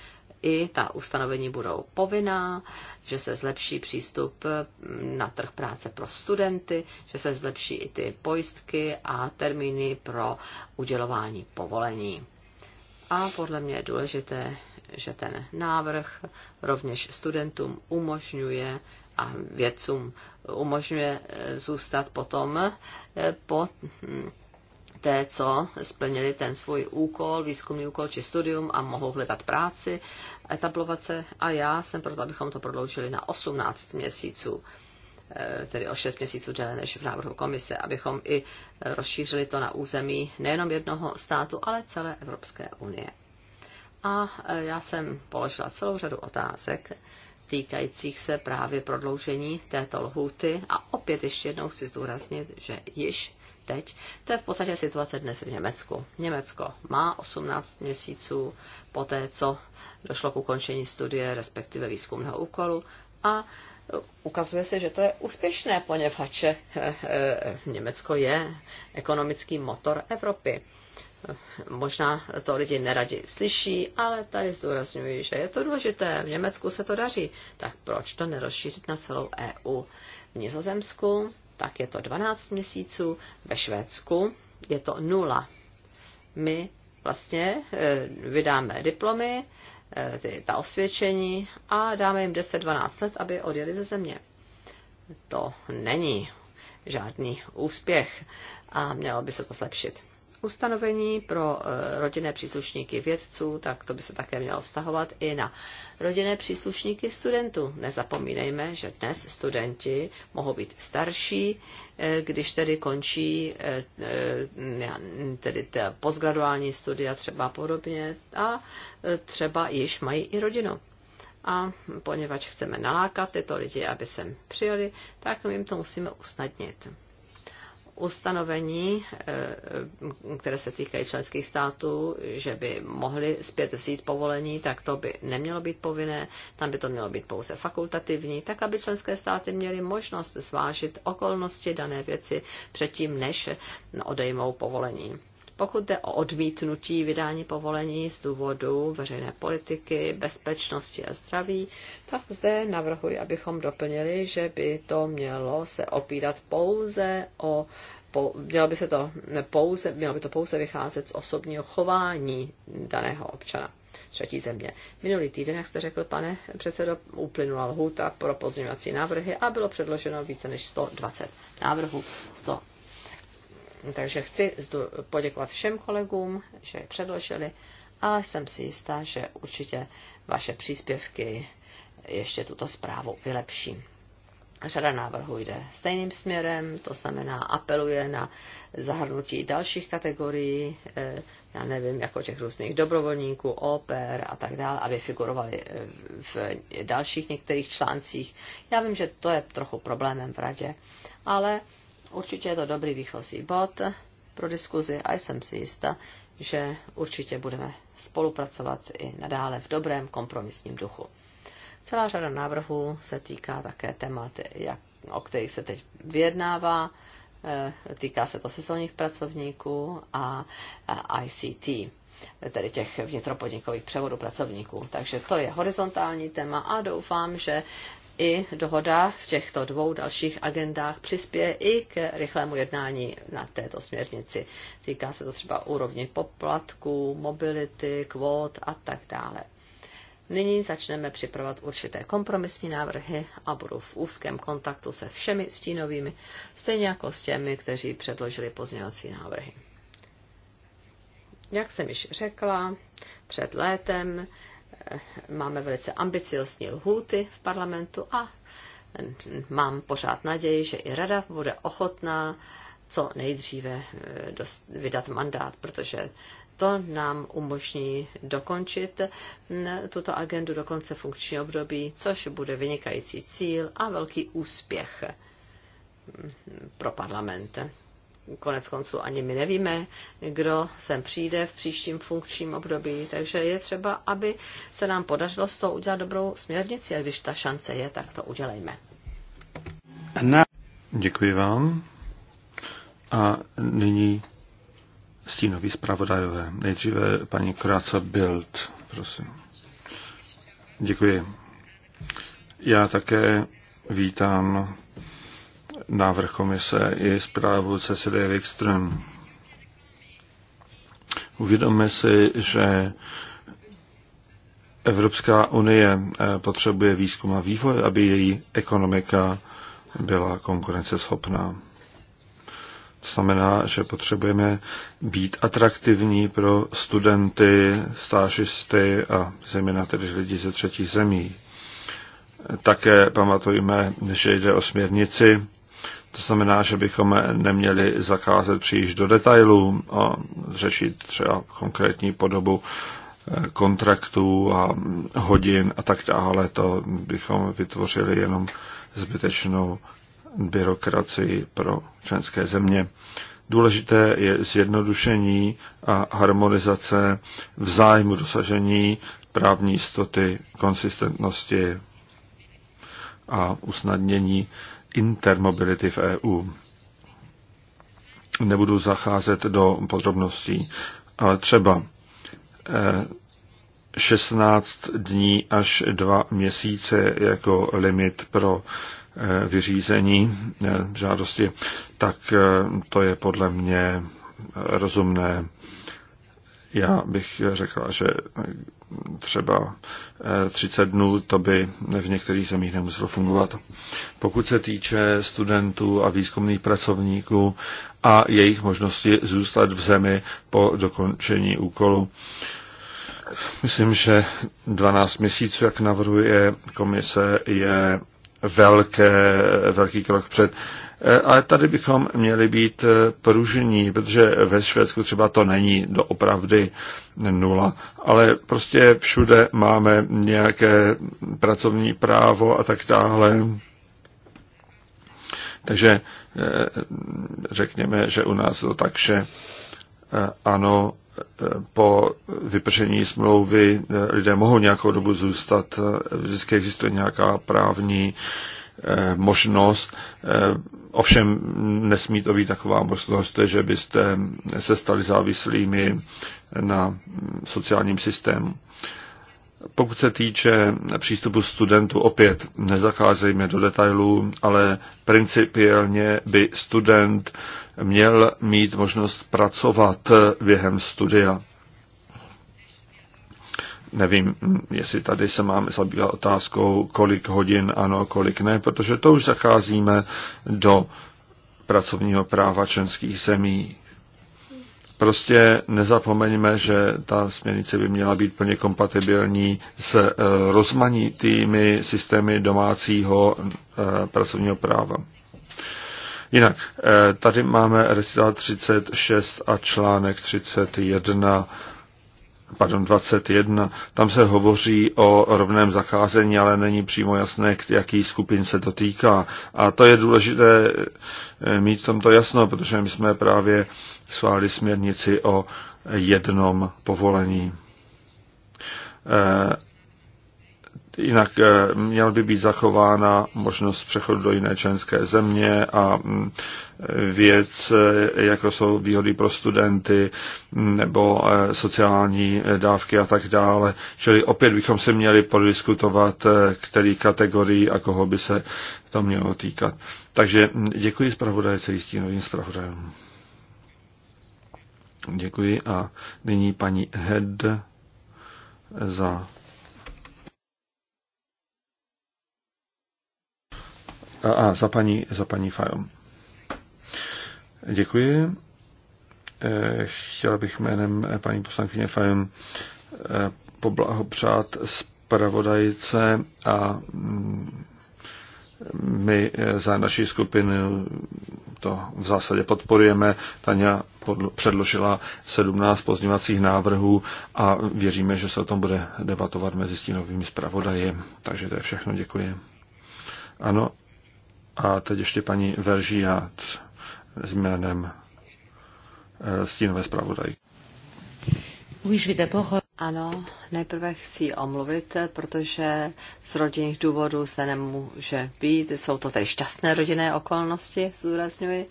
i ta ustanovení budou povinná, že se zlepší přístup mm, na trh práce pro studenty, že se zlepší i ty pojistky a termíny pro udělování povolení. A podle mě je důležité, že ten návrh rovněž studentům umožňuje a vědcům umožňuje eh, zůstat potom eh, po hm, té, co splnili ten svůj úkol, výzkumný úkol či studium a mohou hledat práci, etablovat se. A já jsem proto, abychom to prodloužili na 18 měsíců. Eh, tedy o 6 měsíců déle než v návrhu komise, abychom i eh, rozšířili to na území nejenom jednoho státu, ale celé Evropské unie. A eh, já jsem položila celou řadu otázek týkajících se právě prodloužení této lhůty a opět ještě jednou chci zdůraznit, že již teď. To je v podstatě situace dnes v Německu. Německo má 18 měsíců po té, co došlo k ukončení studie, respektive výzkumného úkolu a ukazuje se, že to je úspěšné, poněvadž eh, eh, Německo je ekonomický motor Evropy. Možná to lidi neradi slyší, ale tady zdůrazňuji, že je to důležité. V Německu se to daří. Tak proč to nerozšířit na celou EU? V Nizozemsku tak je to 12 měsíců, ve Švédsku je to nula. My vlastně eh, vydáme diplomy Eh, ty, ta osvědčení a dáme jim 10-12 let, aby odjeli ze země. To není žádný úspěch a mělo by se to zlepšit ustanovení pro eh, rodinné příslušníky vědců, tak to by se také mělo vztahovat i na rodinné příslušníky studentů. Nezapomínejme, že dnes studenti mohou být starší, eh, když tedy končí eh, tedy postgraduální studia třeba podobně a třeba již mají i rodinu. A poněvadž chceme nalákat tyto lidi, aby sem přijeli, tak my jim to musíme usnadnit ustanovení, eh, které se týkají členských států, že by mohli zpět vzít povolení, tak to by nemělo být povinné, tam by to mělo být pouze fakultativní, tak aby členské státy měly možnost zvážit okolnosti dané věci předtím, než odejmou povolení. Pokud jde o odmítnutí vydání povolení z důvodu veřejné politiky, bezpečnosti a zdraví, tak zde navrhuji, abychom doplnili, že by to mělo se opírat pouze o mělo by, se to pouze, mělo by to pouze vycházet z osobního chování daného občana třetí země. Minulý týden, jak jste řekl, pane předsedo, uplynula lhůta pro pozměňovací návrhy a bylo předloženo více než 120 návrhů, 100 takže chci poděkovat všem kolegům, že je předložili a jsem si jistá, že určitě vaše příspěvky ještě tuto zprávu vylepší. Řada návrhů jde stejným směrem, to znamená apeluje na zahrnutí dalších kategorií, eh, já nevím, jako těch různých dobrovolníků, oper a tak dále, aby figurovali eh, v dalších některých článcích. Já vím, že to je trochu problémem v radě, ale Určitě je to dobrý výchozí bod pro diskuzi a jsem si jista, že určitě budeme spolupracovat i nadále v dobrém kompromisním duchu. Celá řada návrhů se týká také tématy, jak, o kterých se teď vyjednává. E, týká se to sezónních pracovníků a ICT, tedy těch vnitropodnikových převodů pracovníků. Takže to je horizontální téma a doufám, že i dohoda v těchto dvou dalších agendách přispěje i k rychlému jednání na této směrnici. Týká se to třeba úrovni poplatků, mobility, kvót a tak dále. Nyní začneme připravovat určité kompromisní návrhy a budu v úzkém kontaktu se všemi stínovými, stejně jako s těmi, kteří předložili pozměňovací návrhy. Jak jsem již řekla, před létem máme velice ambiciozní lhůty v parlamentu a mám pořád naději, že i rada bude ochotná co nejdříve eh, vydat mandát, protože to nám umožní dokončit mm, tuto agendu do konce funkčního období, což bude vynikající cíl a velký úspěch mm, pro parlament konec konců ani my nevíme, kdo sem přijde v příštím funkčním období, takže je třeba, aby se nám podařilo s toho udělat dobrou směrnici a když ta šance je, tak to udělejme. Děkuji vám. A nyní stínový zpravodajové. Nejdříve paní Kráca Bild, prosím. Děkuji. Já také vítám návrh komise i zprávu Cecily Wikström. Uvědomme si, že Evropská unie eh, potřebuje výzkum a vývoj, aby její ekonomika byla konkurenceschopná. To znamená, že potřebujeme být atraktivní pro studenty, stážisty a zejména tedy lidi ze třetích zemí. Také pamatujme, že jde o směrnici, to znamená, že bychom neměli zakázat příliš do detailů a řešit třeba konkrétní podobu eh, kontraktů a hodin a tak dále. To bychom vytvořili jenom zbytečnou byrokracii pro členské země. Důležité je zjednodušení a harmonizace v zájmu dosažení právní jistoty, konsistentnosti a usnadnění intermobility v EU. Nebudu zacházet do podrobností, ale třeba 16 eh, dní až 2 měsíce jako limit pro eh, vyřízení eh, žádosti, tak to je podle mě rozumné já bych řekla, že třeba 30 eh, dnů to by v některých zemích nemuselo fungovat. Pokud se týče studentů a výzkumných pracovníků a jejich možnosti zůstat v zemi po dokončení úkolu, myslím, že 12 měsíců, jak navrhuje komise, je velké, velký krok před. Eh, ale tady bychom měli být eh, pružní, protože ve Švédsku třeba to není doopravdy nula, ale prostě všude máme nějaké pracovní právo a tak dále. Takže eh, řekněme, že u nás to tak, že ano, po vypršení smlouvy lidé mohou nějakou dobu zůstat, vždycky existuje nějaká právní Eh, možnost. Eh, ovšem nesmí to být taková možnost, že byste se stali závislými na sociálním systému. Pokud se týče přístupu studentů, opět nezacházejme do detailů, ale principiálně by student měl mít možnost pracovat během studia. Nevím, jestli tady se máme zabývat otázkou, kolik hodin ano, kolik ne, protože to už zacházíme do pracovního práva členských zemí. Prostě nezapomeňme, že ta směrnice by měla být plně kompatibilní s eh, rozmanitými systémy domácího eh, pracovního práva. Jinak, eh, tady máme recitál 36 a článek 31 pardon, 21, tam se hovoří o rovném zacházení, ale není přímo jasné, k jaký skupin se to týká. A to je důležité eh, mít v tomto jasno, protože my jsme právě schválili směrnici o jednom povolení. Eh, Jinak eh, měl by být zachována možnost přechodu do jiné členské země a mm, věc, eh, jako jsou výhody pro studenty nebo eh, sociální dávky a tak dále. Čili opět bychom se měli podiskutovat, který kategorii a koho by se to mělo týkat. Takže mm, děkuji zpravodajce jistínovým zpravodajům. Děkuji a nyní paní Head za A, a za paní, za paní Fajom. Děkuji. E, chtěla bych jménem paní poslankyně Fajom e, poblahopřát zpravodajce a mm, my e, za naší skupinu to v zásadě podporujeme. Tania předložila 17 pozněvacích návrhů a věříme, že se o tom bude debatovat mezi stínovými zpravodaji. Takže to je všechno. Děkuji. Ano, a teď ještě paní Veržiat s jménem eh, stínové zpravodaj. Ano, nejprve chci omluvit, protože z rodinných důvodů se nemůže být. Jsou to tady šťastné rodinné okolnosti, zdůrazňuji.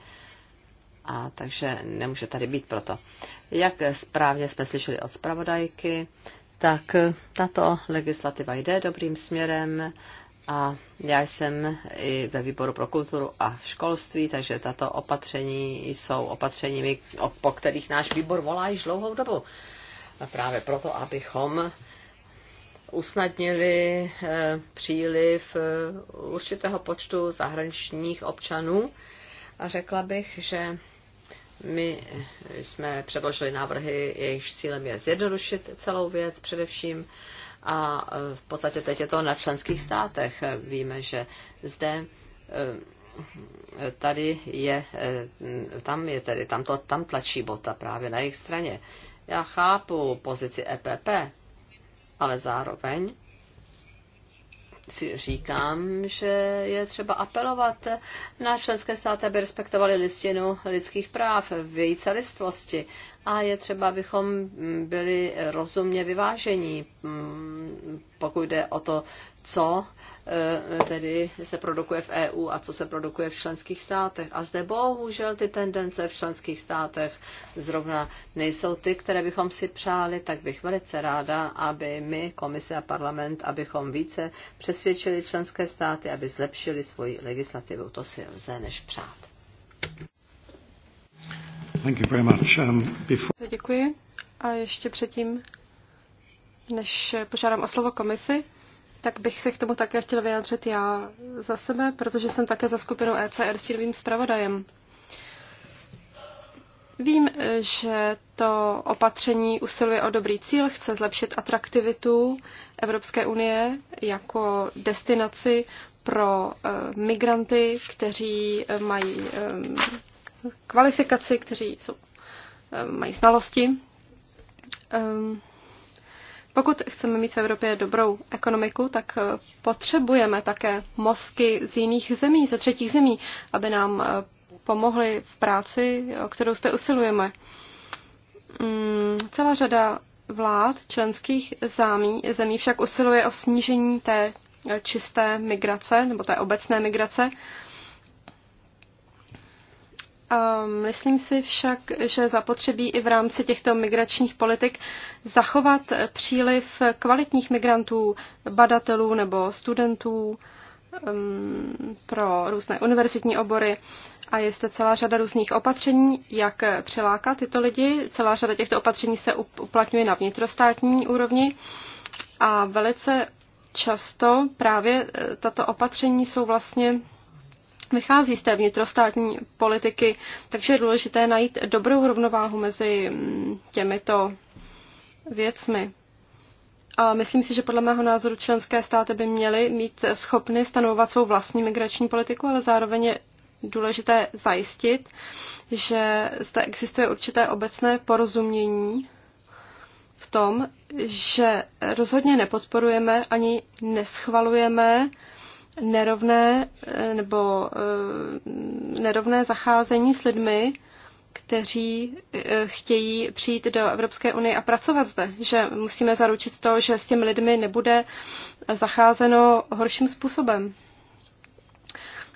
A takže nemůže tady být proto. Jak správně jsme slyšeli od zpravodajky, tak tato legislativa jde dobrým směrem a já jsem i ve výboru pro kulturu a školství, takže tato opatření jsou opatřeními, po kterých náš výbor volá již dlouhou dobu. A právě proto, abychom usnadnili eh, příliv eh, určitého počtu zahraničních občanů. A řekla bych, že my jsme předložili návrhy, jejichž cílem je zjednodušit celou věc, především a e, v podstatě teď je to na členských státech. Víme, že zde e, tady je, e, tam je tedy, tam, to, tam tlačí bota právě na jejich straně. Já chápu pozici EPP, ale zároveň si říkám, že je třeba apelovat na členské státy, aby respektovali listinu lidských práv v její celistvosti a je třeba, abychom mm, byli rozumně vyvážení, mm, pokud jde o to, co e, tedy se produkuje v EU a co se produkuje v členských státech. A zde bohužel ty tendence v členských státech zrovna nejsou ty, které bychom si přáli, tak bych velice ráda, aby my, komise a parlament, abychom více přesvědčili členské státy, aby zlepšili svoji legislativu. To si lze než přát. Thank you very much. Um, before... Děkuji. A ještě předtím, než požádám o slovo komisi, tak bych se k tomu také chtěl vyjádřit já za sebe, protože jsem také za skupinu ECR s tím zpravodajem. Vím, že to opatření usiluje o dobrý cíl, chce zlepšit atraktivitu Evropské unie jako destinaci pro eh, migranty, kteří eh, mají eh, kvalifikaci, kteří jsou, eh, mají znalosti. Ehm, pokud chceme mít v Evropě dobrou ekonomiku, tak eh, potřebujeme také mozky z jiných zemí, ze třetích zemí, aby nám eh, pomohli v práci, o kterou zde usilujeme. Ehm, celá řada vlád členských zámí, zemí však usiluje o snížení té čisté migrace nebo té obecné migrace, Myslím si však, že zapotřebí i v rámci těchto migračních politik zachovat příliv kvalitních migrantů, badatelů nebo studentů um, pro různé univerzitní obory. A je zde celá řada různých opatření, jak přilákat tyto lidi. Celá řada těchto opatření se uplatňuje na vnitrostátní úrovni a velice často právě eh, tato opatření jsou vlastně vychází z té vnitrostátní politiky, takže je důležité najít dobrou rovnováhu mezi mm, těmito věcmi. A myslím si, že podle mého názoru členské státy by měly mít schopny stanovovat svou vlastní migrační politiku, ale zároveň je důležité zajistit, že zde existuje určité obecné porozumění v tom, že rozhodně nepodporujeme ani neschvalujeme nerovné eh, nebo eh, nerovné zacházení s lidmi, kteří eh, chtějí přijít do Evropské unie a pracovat zde. Že musíme zaručit to, že s těmi lidmi nebude zacházeno horším způsobem.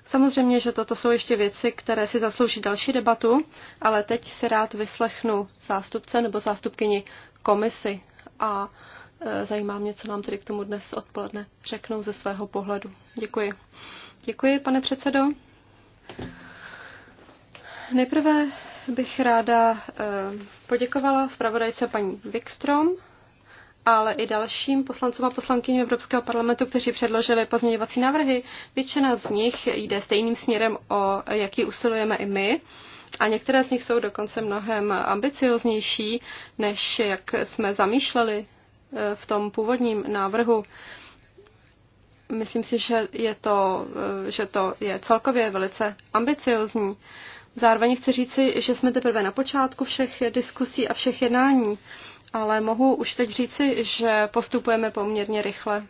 Samozřejmě, že toto jsou ještě věci, které si zaslouží další debatu, ale teď si rád vyslechnu zástupce nebo zástupkyni komisy a Eh, zajímá mě, co nám tedy k tomu dnes odpoledne řeknou ze svého pohledu. Děkuji. Děkuji, pane předsedo. Nejprve bych ráda eh, poděkovala zpravodajce paní Wikstrom, ale i dalším poslancům a poslankyním Evropského parlamentu, kteří předložili pozměňovací návrhy. Většina z nich jde stejným směrem, o jaký usilujeme i my. A některé z nich jsou dokonce mnohem ambicioznější, než jak jsme zamýšleli v tom původním návrhu. Myslím si, že, je to, že to je celkově velice ambiciozní. Zároveň chci říci, že jsme teprve na počátku všech diskusí a všech jednání, ale mohu už teď říci, že postupujeme poměrně rychle.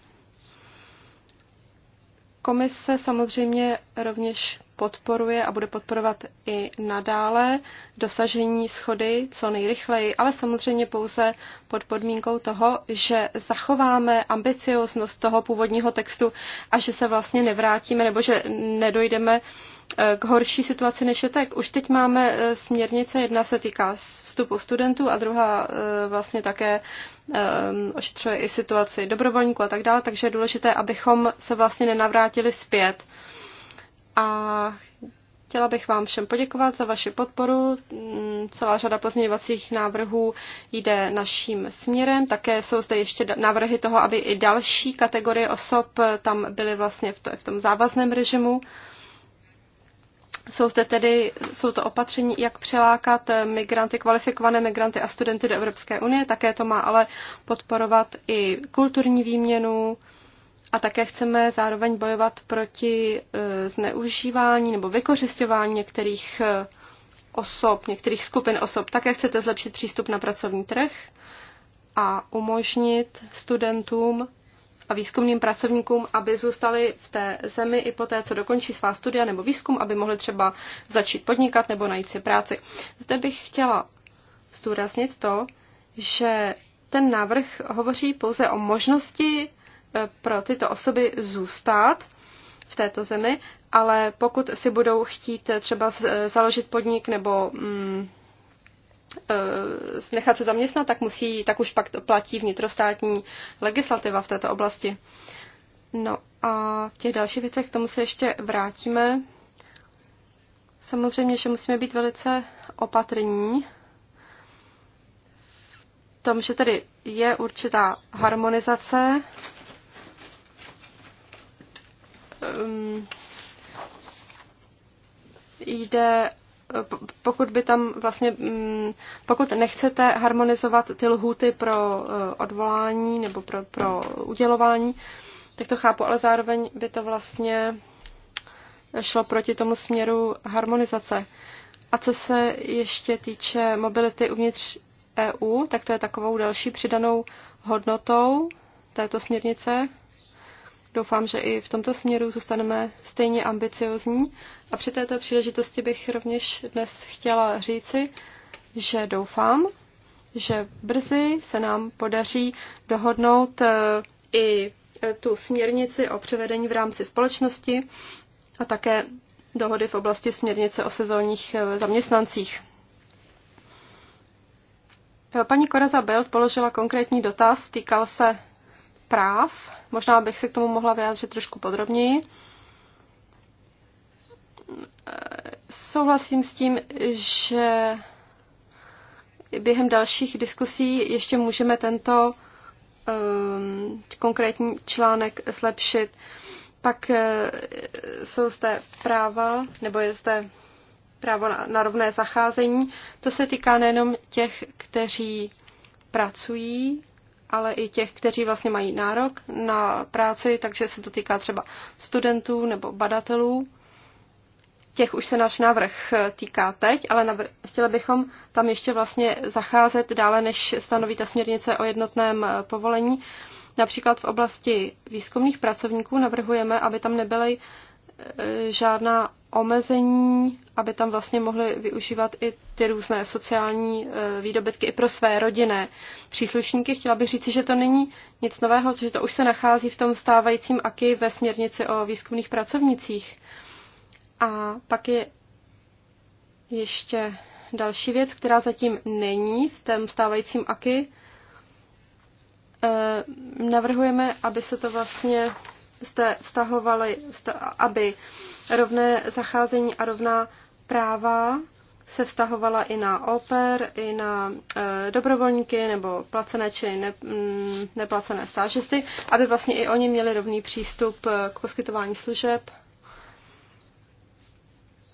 Komise samozřejmě rovněž podporuje a bude podporovat i nadále dosažení schody co nejrychleji, ale samozřejmě pouze pod podmínkou toho, že zachováme ambicioznost toho původního textu a že se vlastně nevrátíme nebo že nedojdeme eh, k horší situaci než je tak. Už teď máme eh, směrnice, jedna se týká vstupu studentů a druhá eh, vlastně také ošetřuje i situaci dobrovolníků a tak dále, takže je důležité, abychom se vlastně nenavrátili zpět a chtěla bych vám všem poděkovat za vaši podporu. Mm, Celá řada pozměňovacích návrhů jde naším směrem. Také jsou zde ještě návrhy toho, aby i další kategorie osob tam byly vlastně v tom závazném režimu. Jsou zde tedy, jsou to opatření, jak přilákat migranty, kvalifikované migranty a studenty do Evropské unie. Také to má ale podporovat i kulturní výměnu, a také chceme zároveň bojovat proti e, zneužívání nebo vykořišťování některých e, osob, některých skupin osob. Také chcete zlepšit přístup na pracovní trh a umožnit studentům a výzkumným pracovníkům, aby zůstali v té zemi i poté, co dokončí svá studia nebo výzkum, aby mohli třeba začít podnikat nebo najít si práci. Zde bych chtěla zdůraznit to, že ten návrh hovoří pouze o možnosti pro tyto osoby zůstat v této zemi, ale pokud si budou chtít třeba založit podnik nebo mm, eh, nechat se zaměstnat, tak, musí, tak už pak platí vnitrostátní legislativa v této oblasti. No a v těch dalších věcech k tomu se ještě vrátíme. Samozřejmě, že musíme být velice opatrní v tom, že tady je určitá harmonizace Eh, mm, jde eh, pokud by tam vlastně, mm, pokud nechcete harmonizovat ty lhuty pro eh, odvolání nebo pro, pro udělování, tak to chápu, ale zároveň by to vlastně šlo proti tomu směru harmonizace. A co se ještě týče mobility uvnitř EU, tak to je takovou další přidanou hodnotou této směrnice. Doufám, že i v tomto směru zůstaneme stejně ambiciozní. A při této příležitosti bych rovněž dnes chtěla říci, že doufám, že brzy se nám podaří dohodnout eh, i eh, tu směrnici o převedení v rámci společnosti a také dohody v oblasti směrnice o sezónních eh, zaměstnancích. Paní Koraza Belt položila konkrétní dotaz, týkal se práv. Možná bych se k tomu mohla vyjádřit trošku podrobněji. Souhlasím s tím, že během dalších diskusí ještě můžeme tento um, konkrétní článek zlepšit. Pak eh, jsou zde práva, nebo je zde právo na, na rovné zacházení. To se týká nejenom těch, kteří pracují ale i těch, kteří vlastně mají nárok na práci, takže se to týká třeba studentů nebo badatelů. Těch už se náš návrh týká teď, ale navr- chtěli bychom tam ještě vlastně zacházet dále, než stanoví ta směrnice o jednotném eh, povolení. Například v oblasti výzkumných pracovníků navrhujeme, aby tam nebyly eh, žádná omezení, aby tam vlastně mohli využívat i ty různé sociální e, výdobytky i pro své rodinné příslušníky. Chtěla bych říci, že to není nic nového, že to už se nachází v tom stávajícím AKI ve směrnici o výzkumných pracovnicích. A pak je ještě další věc, která zatím není v tom stávajícím AKI. E, navrhujeme, aby se to vlastně jste vztahovali, aby rovné zacházení a rovná práva se vztahovala i na oper, i na e, dobrovolníky nebo placené či ne, m, mm, neplacené stážisty, aby vlastně i oni měli rovný přístup e, k poskytování služeb.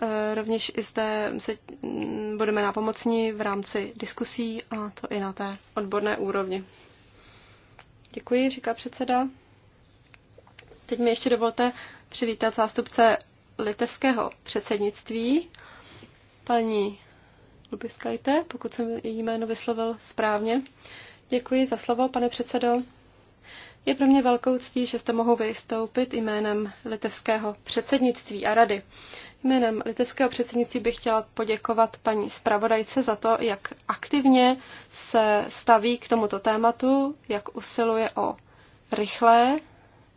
E, rovněž i zde se, m, mm, budeme nápomocní v rámci diskusí a to i na té odborné úrovni. Děkuji, říká předseda. Teď mi ještě dovolte přivítat zástupce litevského předsednictví, paní Lubiskajte, pokud jsem její jméno vyslovil správně. Děkuji za slovo, pane předsedo. Je pro mě velkou ctí, že jste mohou vystoupit jménem litevského předsednictví a rady. Jménem litevského předsednictví bych chtěla poděkovat paní zpravodajce za to, jak aktivně se staví k tomuto tématu, jak usiluje o rychlé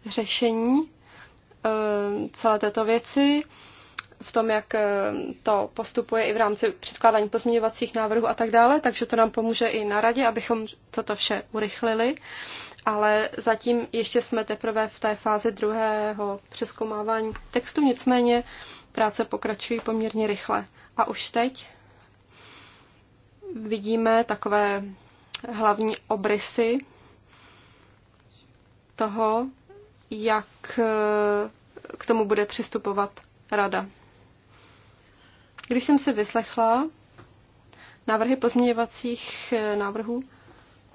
řešení eh, celé této věci, v tom, jak eh, to postupuje i v rámci předkládání pozměňovacích návrhů a tak dále, takže to nám pomůže i na radě, abychom toto vše urychlili, ale zatím ještě jsme teprve v té fázi druhého přeskoumávání textu, nicméně práce pokračují poměrně rychle. A už teď vidíme takové hlavní obrysy toho, jak eh, k tomu bude přistupovat rada. Když jsem se vyslechla návrhy pozměňovacích eh, návrhů,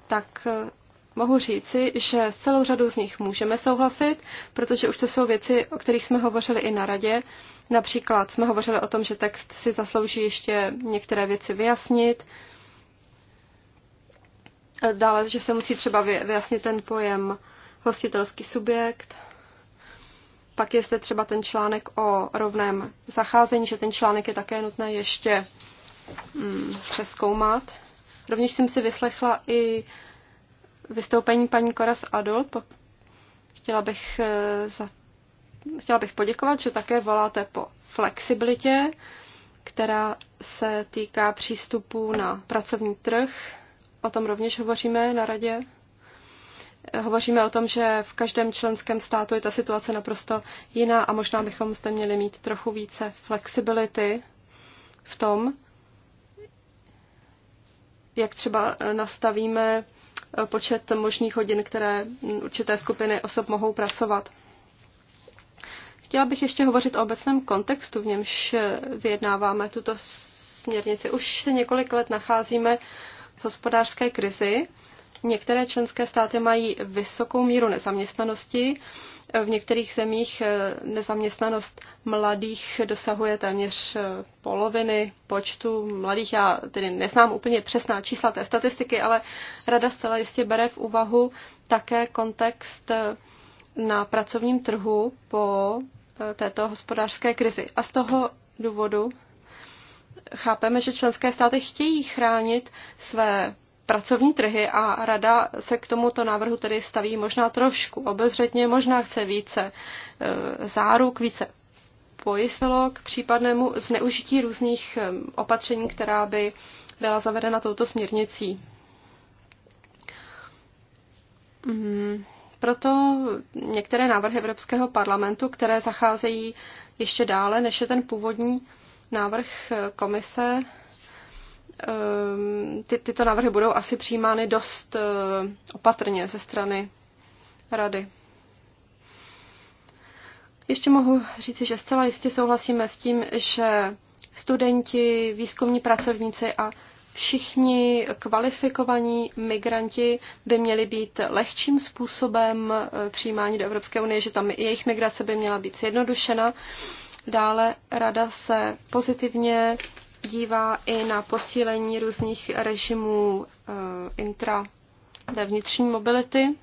tak eh, mohu říci, že s celou řadou z nich můžeme souhlasit, protože už to jsou věci, o kterých jsme hovořili i na radě. Například jsme hovořili o tom, že text si zaslouží ještě některé věci vyjasnit. Dále, že se musí třeba vyjasnit ten pojem hostitelský subjekt. Pak je zde třeba ten článek o rovném zacházení, že ten článek je také nutné ještě mm, přeskoumat. Rovněž jsem si vyslechla i vystoupení paní Koras Adult. Chtěla bych, eh, za, chtěla bych poděkovat, že také voláte po flexibilitě, která se týká přístupu na pracovní trh. O tom rovněž hovoříme na radě hovoříme o tom, že v každém členském státu je ta situace naprosto jiná a možná bychom zde měli mít trochu více flexibility v tom, jak třeba eh, nastavíme eh, počet možných hodin, které mm, určité skupiny osob mohou pracovat. Chtěla bych ještě hovořit o obecném kontextu, v němž eh, vyjednáváme tuto směrnici. Už se několik let nacházíme v hospodářské krizi Některé členské státy mají vysokou míru nezaměstnanosti, v některých zemích eh, nezaměstnanost mladých dosahuje téměř eh, poloviny počtu mladých. Já tedy neznám úplně přesná čísla té statistiky, ale rada zcela jistě bere v úvahu také kontext eh, na pracovním trhu po této hospodářské krizi. A z toho důvodu chápeme, že členské státy chtějí chránit své pracovní trhy a rada se k tomuto návrhu tedy staví možná trošku obezřetně, možná chce více e, záruk, více pojistilo k případnému zneužití různých e, opatření, která by byla zavedena touto směrnicí. Mhm. Proto některé návrhy Evropského parlamentu, které zacházejí ještě dále, než je ten původní návrh e, komise, Ehm, ty, tyto návrhy budou asi přijímány dost eh, opatrně ze strany rady. Ještě mohu říci, že zcela jistě souhlasíme s tím, že studenti, výzkumní pracovníci a všichni kvalifikovaní migranti by měli být lehčím způsobem eh, přijímání do Evropské unie, že tam jejich migrace by měla být zjednodušena. Dále rada se pozitivně dívá i na posílení různých režimů eh, intra ve vnitřní mobility.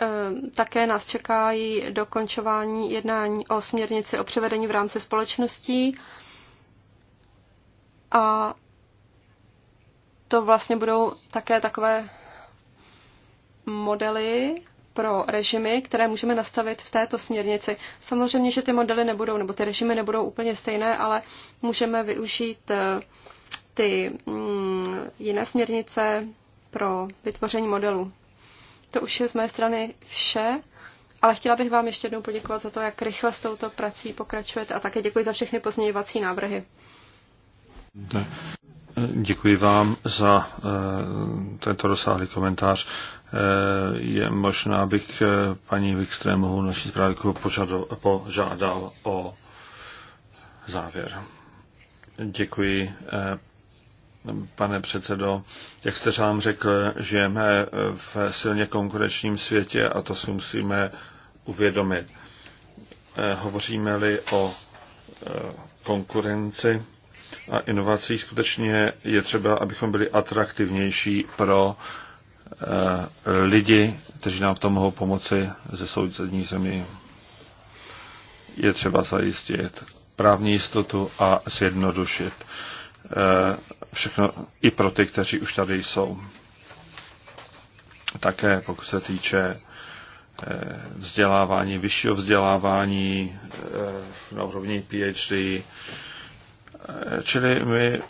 Eh, také nás čekají dokončování jednání o směrnici o převedení v rámci společností a to vlastně budou také takové modely pro režimy, které můžeme nastavit v této směrnici. Samozřejmě, že ty modely nebudou, nebo ty režimy nebudou úplně stejné, ale můžeme využít eh, ty mm, jiné směrnice pro vytvoření modelů. To už je z mé strany vše, ale chtěla bych vám ještě jednou poděkovat za to, jak rychle s touto prací pokračujete a také děkuji za všechny pozměňovací návrhy. Děkuji vám za eh, tento rozsáhlý komentář. Eh, je možná, abych eh, paní mohu naší zprávku požádal o závěr. Děkuji, eh, pane předsedo. Jak jste sám řekl, žijeme v silně konkurenčním světě a to si musíme uvědomit. Hovoříme-li o konkurenci a inovacích, skutečně je třeba, abychom byli atraktivnější pro uh, Eh, lidi, kteří nám v tom mohou pomoci ze sousední zemí. Je třeba zajistit právní jistotu a zjednodušit eh, všechno i pro ty, kteří už tady jsou. Také pokud se týče eh, vzdělávání, vyššího vzdělávání na úrovni PhD. Čili my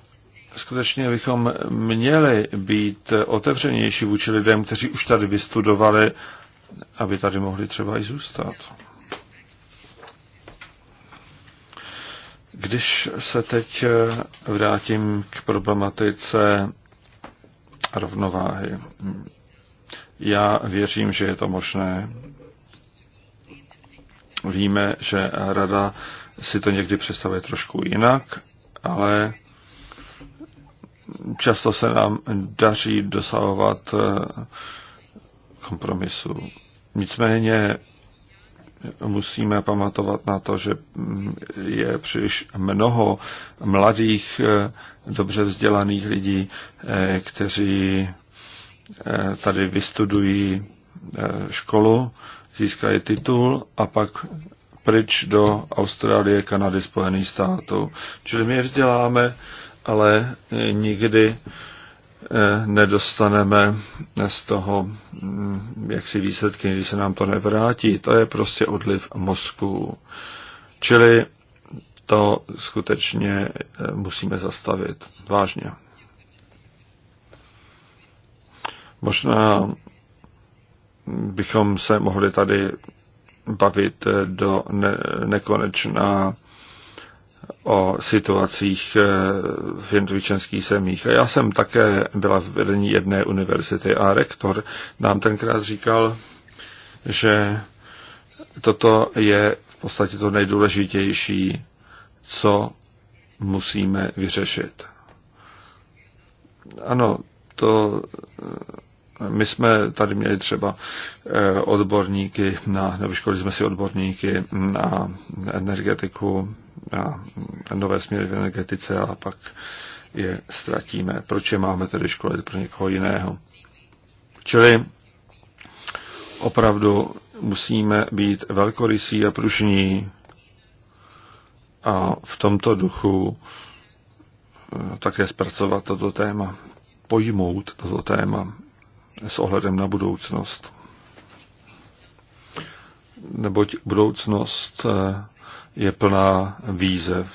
skutečně bychom měli být otevřenější vůči lidem, kteří už tady vystudovali, aby tady mohli třeba i zůstat. Když se teď vrátím k problematice rovnováhy, já věřím, že je to možné. Víme, že rada si to někdy představuje trošku jinak, ale často se nám daří dosahovat eh, kompromisu. Nicméně musíme pamatovat na to, že mm, je příliš mnoho mladých, eh, dobře vzdělaných lidí, eh, kteří tady vystudují školu, získají titul a pak pryč do Austrálie, Kanady, Spojených států. Čili my je vzděláme ale nikdy eh, nedostaneme z toho hm, jaksi výsledky, když se nám to nevrátí. To je prostě odliv mozku. Čili to skutečně eh, musíme zastavit. Vážně. Možná bychom se mohli tady bavit eh, do ne- nekonečna o situacích eh, v jednotlivých zemích. A já jsem také byla v vedení jedné univerzity a rektor nám tenkrát říkal, že toto je v podstatě to nejdůležitější, co musíme vyřešit. Ano, to my jsme tady měli třeba eh, odborníky na, nebo školili jsme si odborníky na energetiku, na nové směry v energetice a pak je ztratíme. Proč je máme tedy školit pro někoho jiného? Čili opravdu musíme být velkorysí a pružní a v tomto duchu eh, také zpracovat toto téma, pojmout toto téma s ohledem na budoucnost. Neboť budoucnost eh, je plná výzev.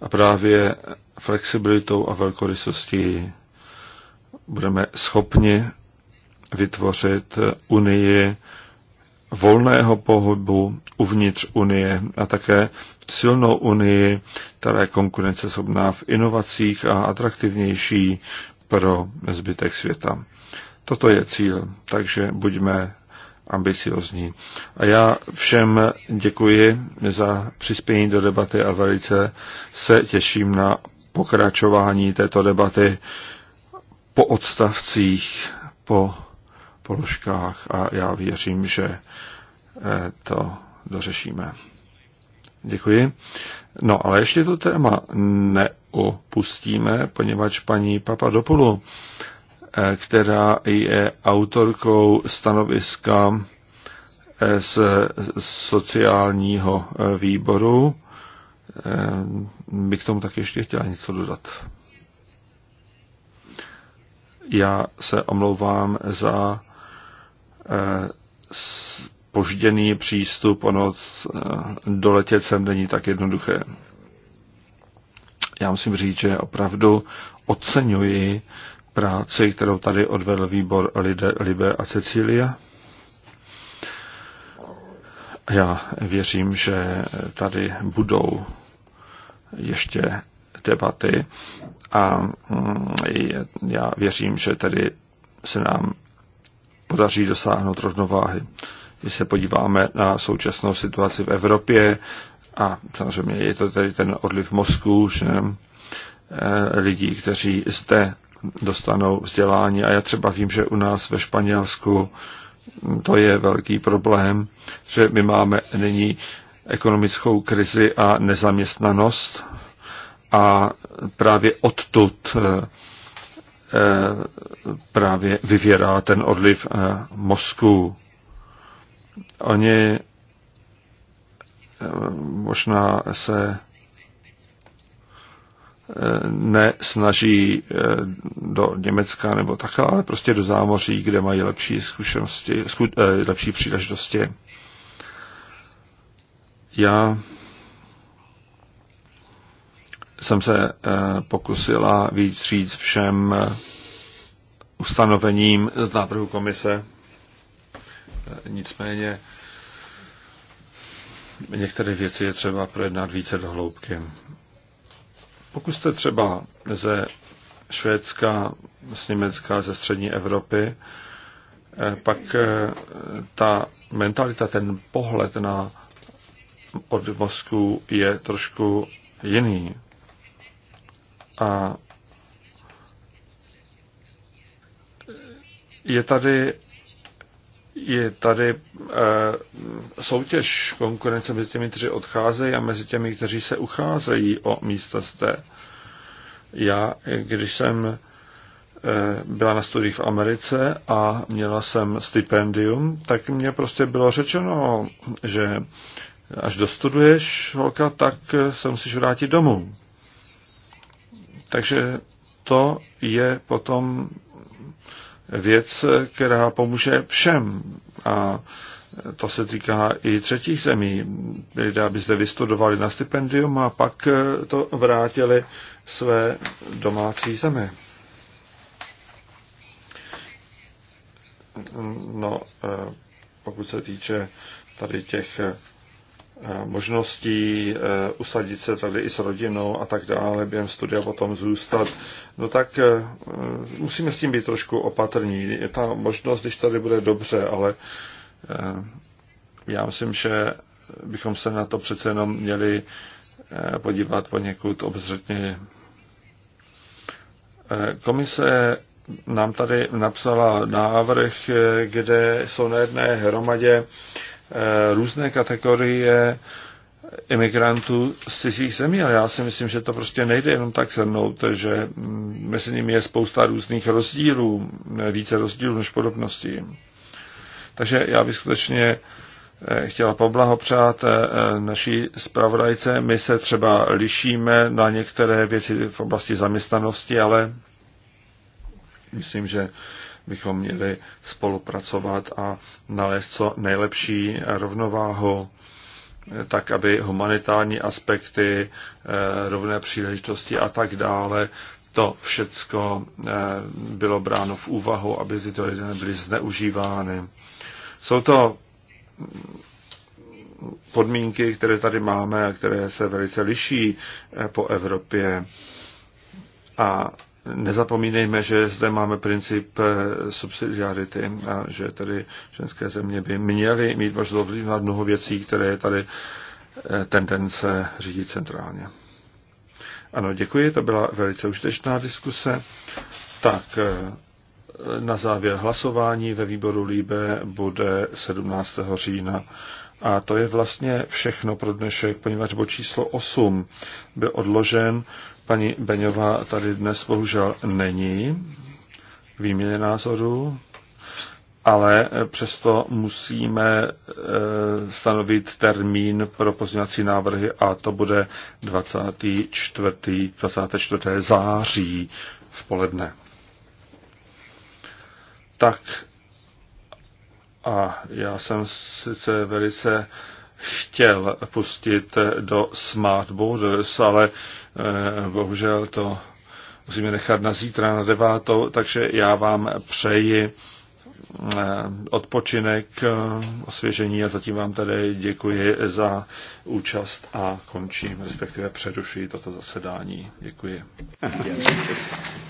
A právě flexibilitou a velkorysostí budeme schopni vytvořit Unii volného pohybu uvnitř Unie a také silnou Unii, která je konkurenceschopná v inovacích a atraktivnější pro zbytek světa. Toto je cíl, takže buďme ambiciozní. A já všem děkuji za přispění do debaty a velice se těším na pokračování této debaty po odstavcích, po položkách a já věřím, že eh, to dořešíme. Děkuji. No, ale ještě to téma neopustíme, poněvadž paní Dopolu Eh, která je autorkou stanoviska eh, z sociálního eh, výboru. Bych k tomu tak ještě chtěla něco dodat. Já se omlouvám za požděný přístup, ono doletět sem není tak jednoduché. Já musím říct, že opravdu oceňuji práci, kterou tady odvedl výbor Lide, Libe a Cecília. Já věřím, že tady budou ještě debaty a mm, já věřím, že tady se nám podaří dosáhnout rovnováhy. Když se podíváme na současnou situaci v Evropě a samozřejmě je to tady ten odliv mozku, že eh, lidí, kteří zde dostanou vzdělání. A já třeba vím, že u nás ve Španělsku to je velký problém, že my máme nyní ekonomickou krizi a nezaměstnanost a právě odtud eh, právě vyvěrá ten odliv eh, mozků. Oni eh, možná se nesnaží eh, do Německa nebo takhle, ale prostě do zámoří, kde mají lepší zkušenosti, zku, eh, lepší příležitosti. Já jsem se eh, pokusila víc říct všem ustanovením z návrhu komise. Nicméně některé věci je třeba projednat více do hloubky. Pokud jste třeba ze Švédska, z Německa, ze střední Evropy, eh, pak eh, ta mentalita, ten pohled na od mozku je trošku jiný. A je tady je tady eh, soutěž, konkurence mezi těmi, kteří odcházejí a mezi těmi, kteří se ucházejí o místa té. Já, když jsem eh, byla na studiích v Americe a měla jsem stipendium, tak mě prostě bylo řečeno, že až dostuduješ, holka, tak eh, se musíš vrátit domů. Takže to je potom věc, která pomůže všem. A to se týká i třetích zemí. Lidé, aby zde vystudovali na stipendium a pak to vrátili své domácí zemi. No, eh, pokud se týče tady těch Eh, možností eh, usadit se tady i s rodinou a tak dále, během studia potom zůstat, no tak eh, musíme s tím být trošku opatrní. Je ta možnost, když tady bude dobře, ale já myslím, že bychom se na to přece jenom měli podívat poněkud obzřetně. Komise nám tady napsala návrh, kde jsou na jedné hromadě Eh, různé kategorie imigrantů z cizích zemí, ale já si myslím, že to prostě nejde jenom tak shrnout, že mm, mezi nimi je spousta různých rozdílů, více rozdílů než podobností. Takže já bych skutečně eh, chtěla poblahopřát eh, naší zpravodajce. My se třeba lišíme na některé věci v oblasti zaměstnanosti, ale myslím, že bychom měli spolupracovat a nalézt co nejlepší rovnováhu, tak aby humanitární aspekty, eh, rovné příležitosti a tak dále, to všecko eh, bylo bráno v úvahu, aby tyto lidé nebyly zneužívány. Jsou to podmínky, které tady máme a které se velice liší eh, po Evropě. A nezapomínejme, že zde máme princip eh, subsidiarity a že tady ženské země by měly mít možnost ovlivňovat mnoho věcí, které je tady eh, tendence řídit centrálně. Ano, děkuji, to byla velice užitečná diskuse. Tak eh, na závěr hlasování ve výboru Líbe bude 17. října. A to je vlastně všechno pro dnešek, poněvadž bod číslo 8 byl odložen Paní Beňová tady dnes bohužel není výměně názoru, ale přesto musíme eh, stanovit termín pro pozměňovací návrhy a to bude 24. 24. září v poledne. Tak a já jsem sice velice chtěl pustit do Smart Borders, ale Eh, bohužel to musíme nechat na zítra na devátou, takže já vám přeji eh, odpočinek, eh, osvěžení a zatím vám tady děkuji za účast a končím, respektive přerušuji toto zasedání. Děkuji.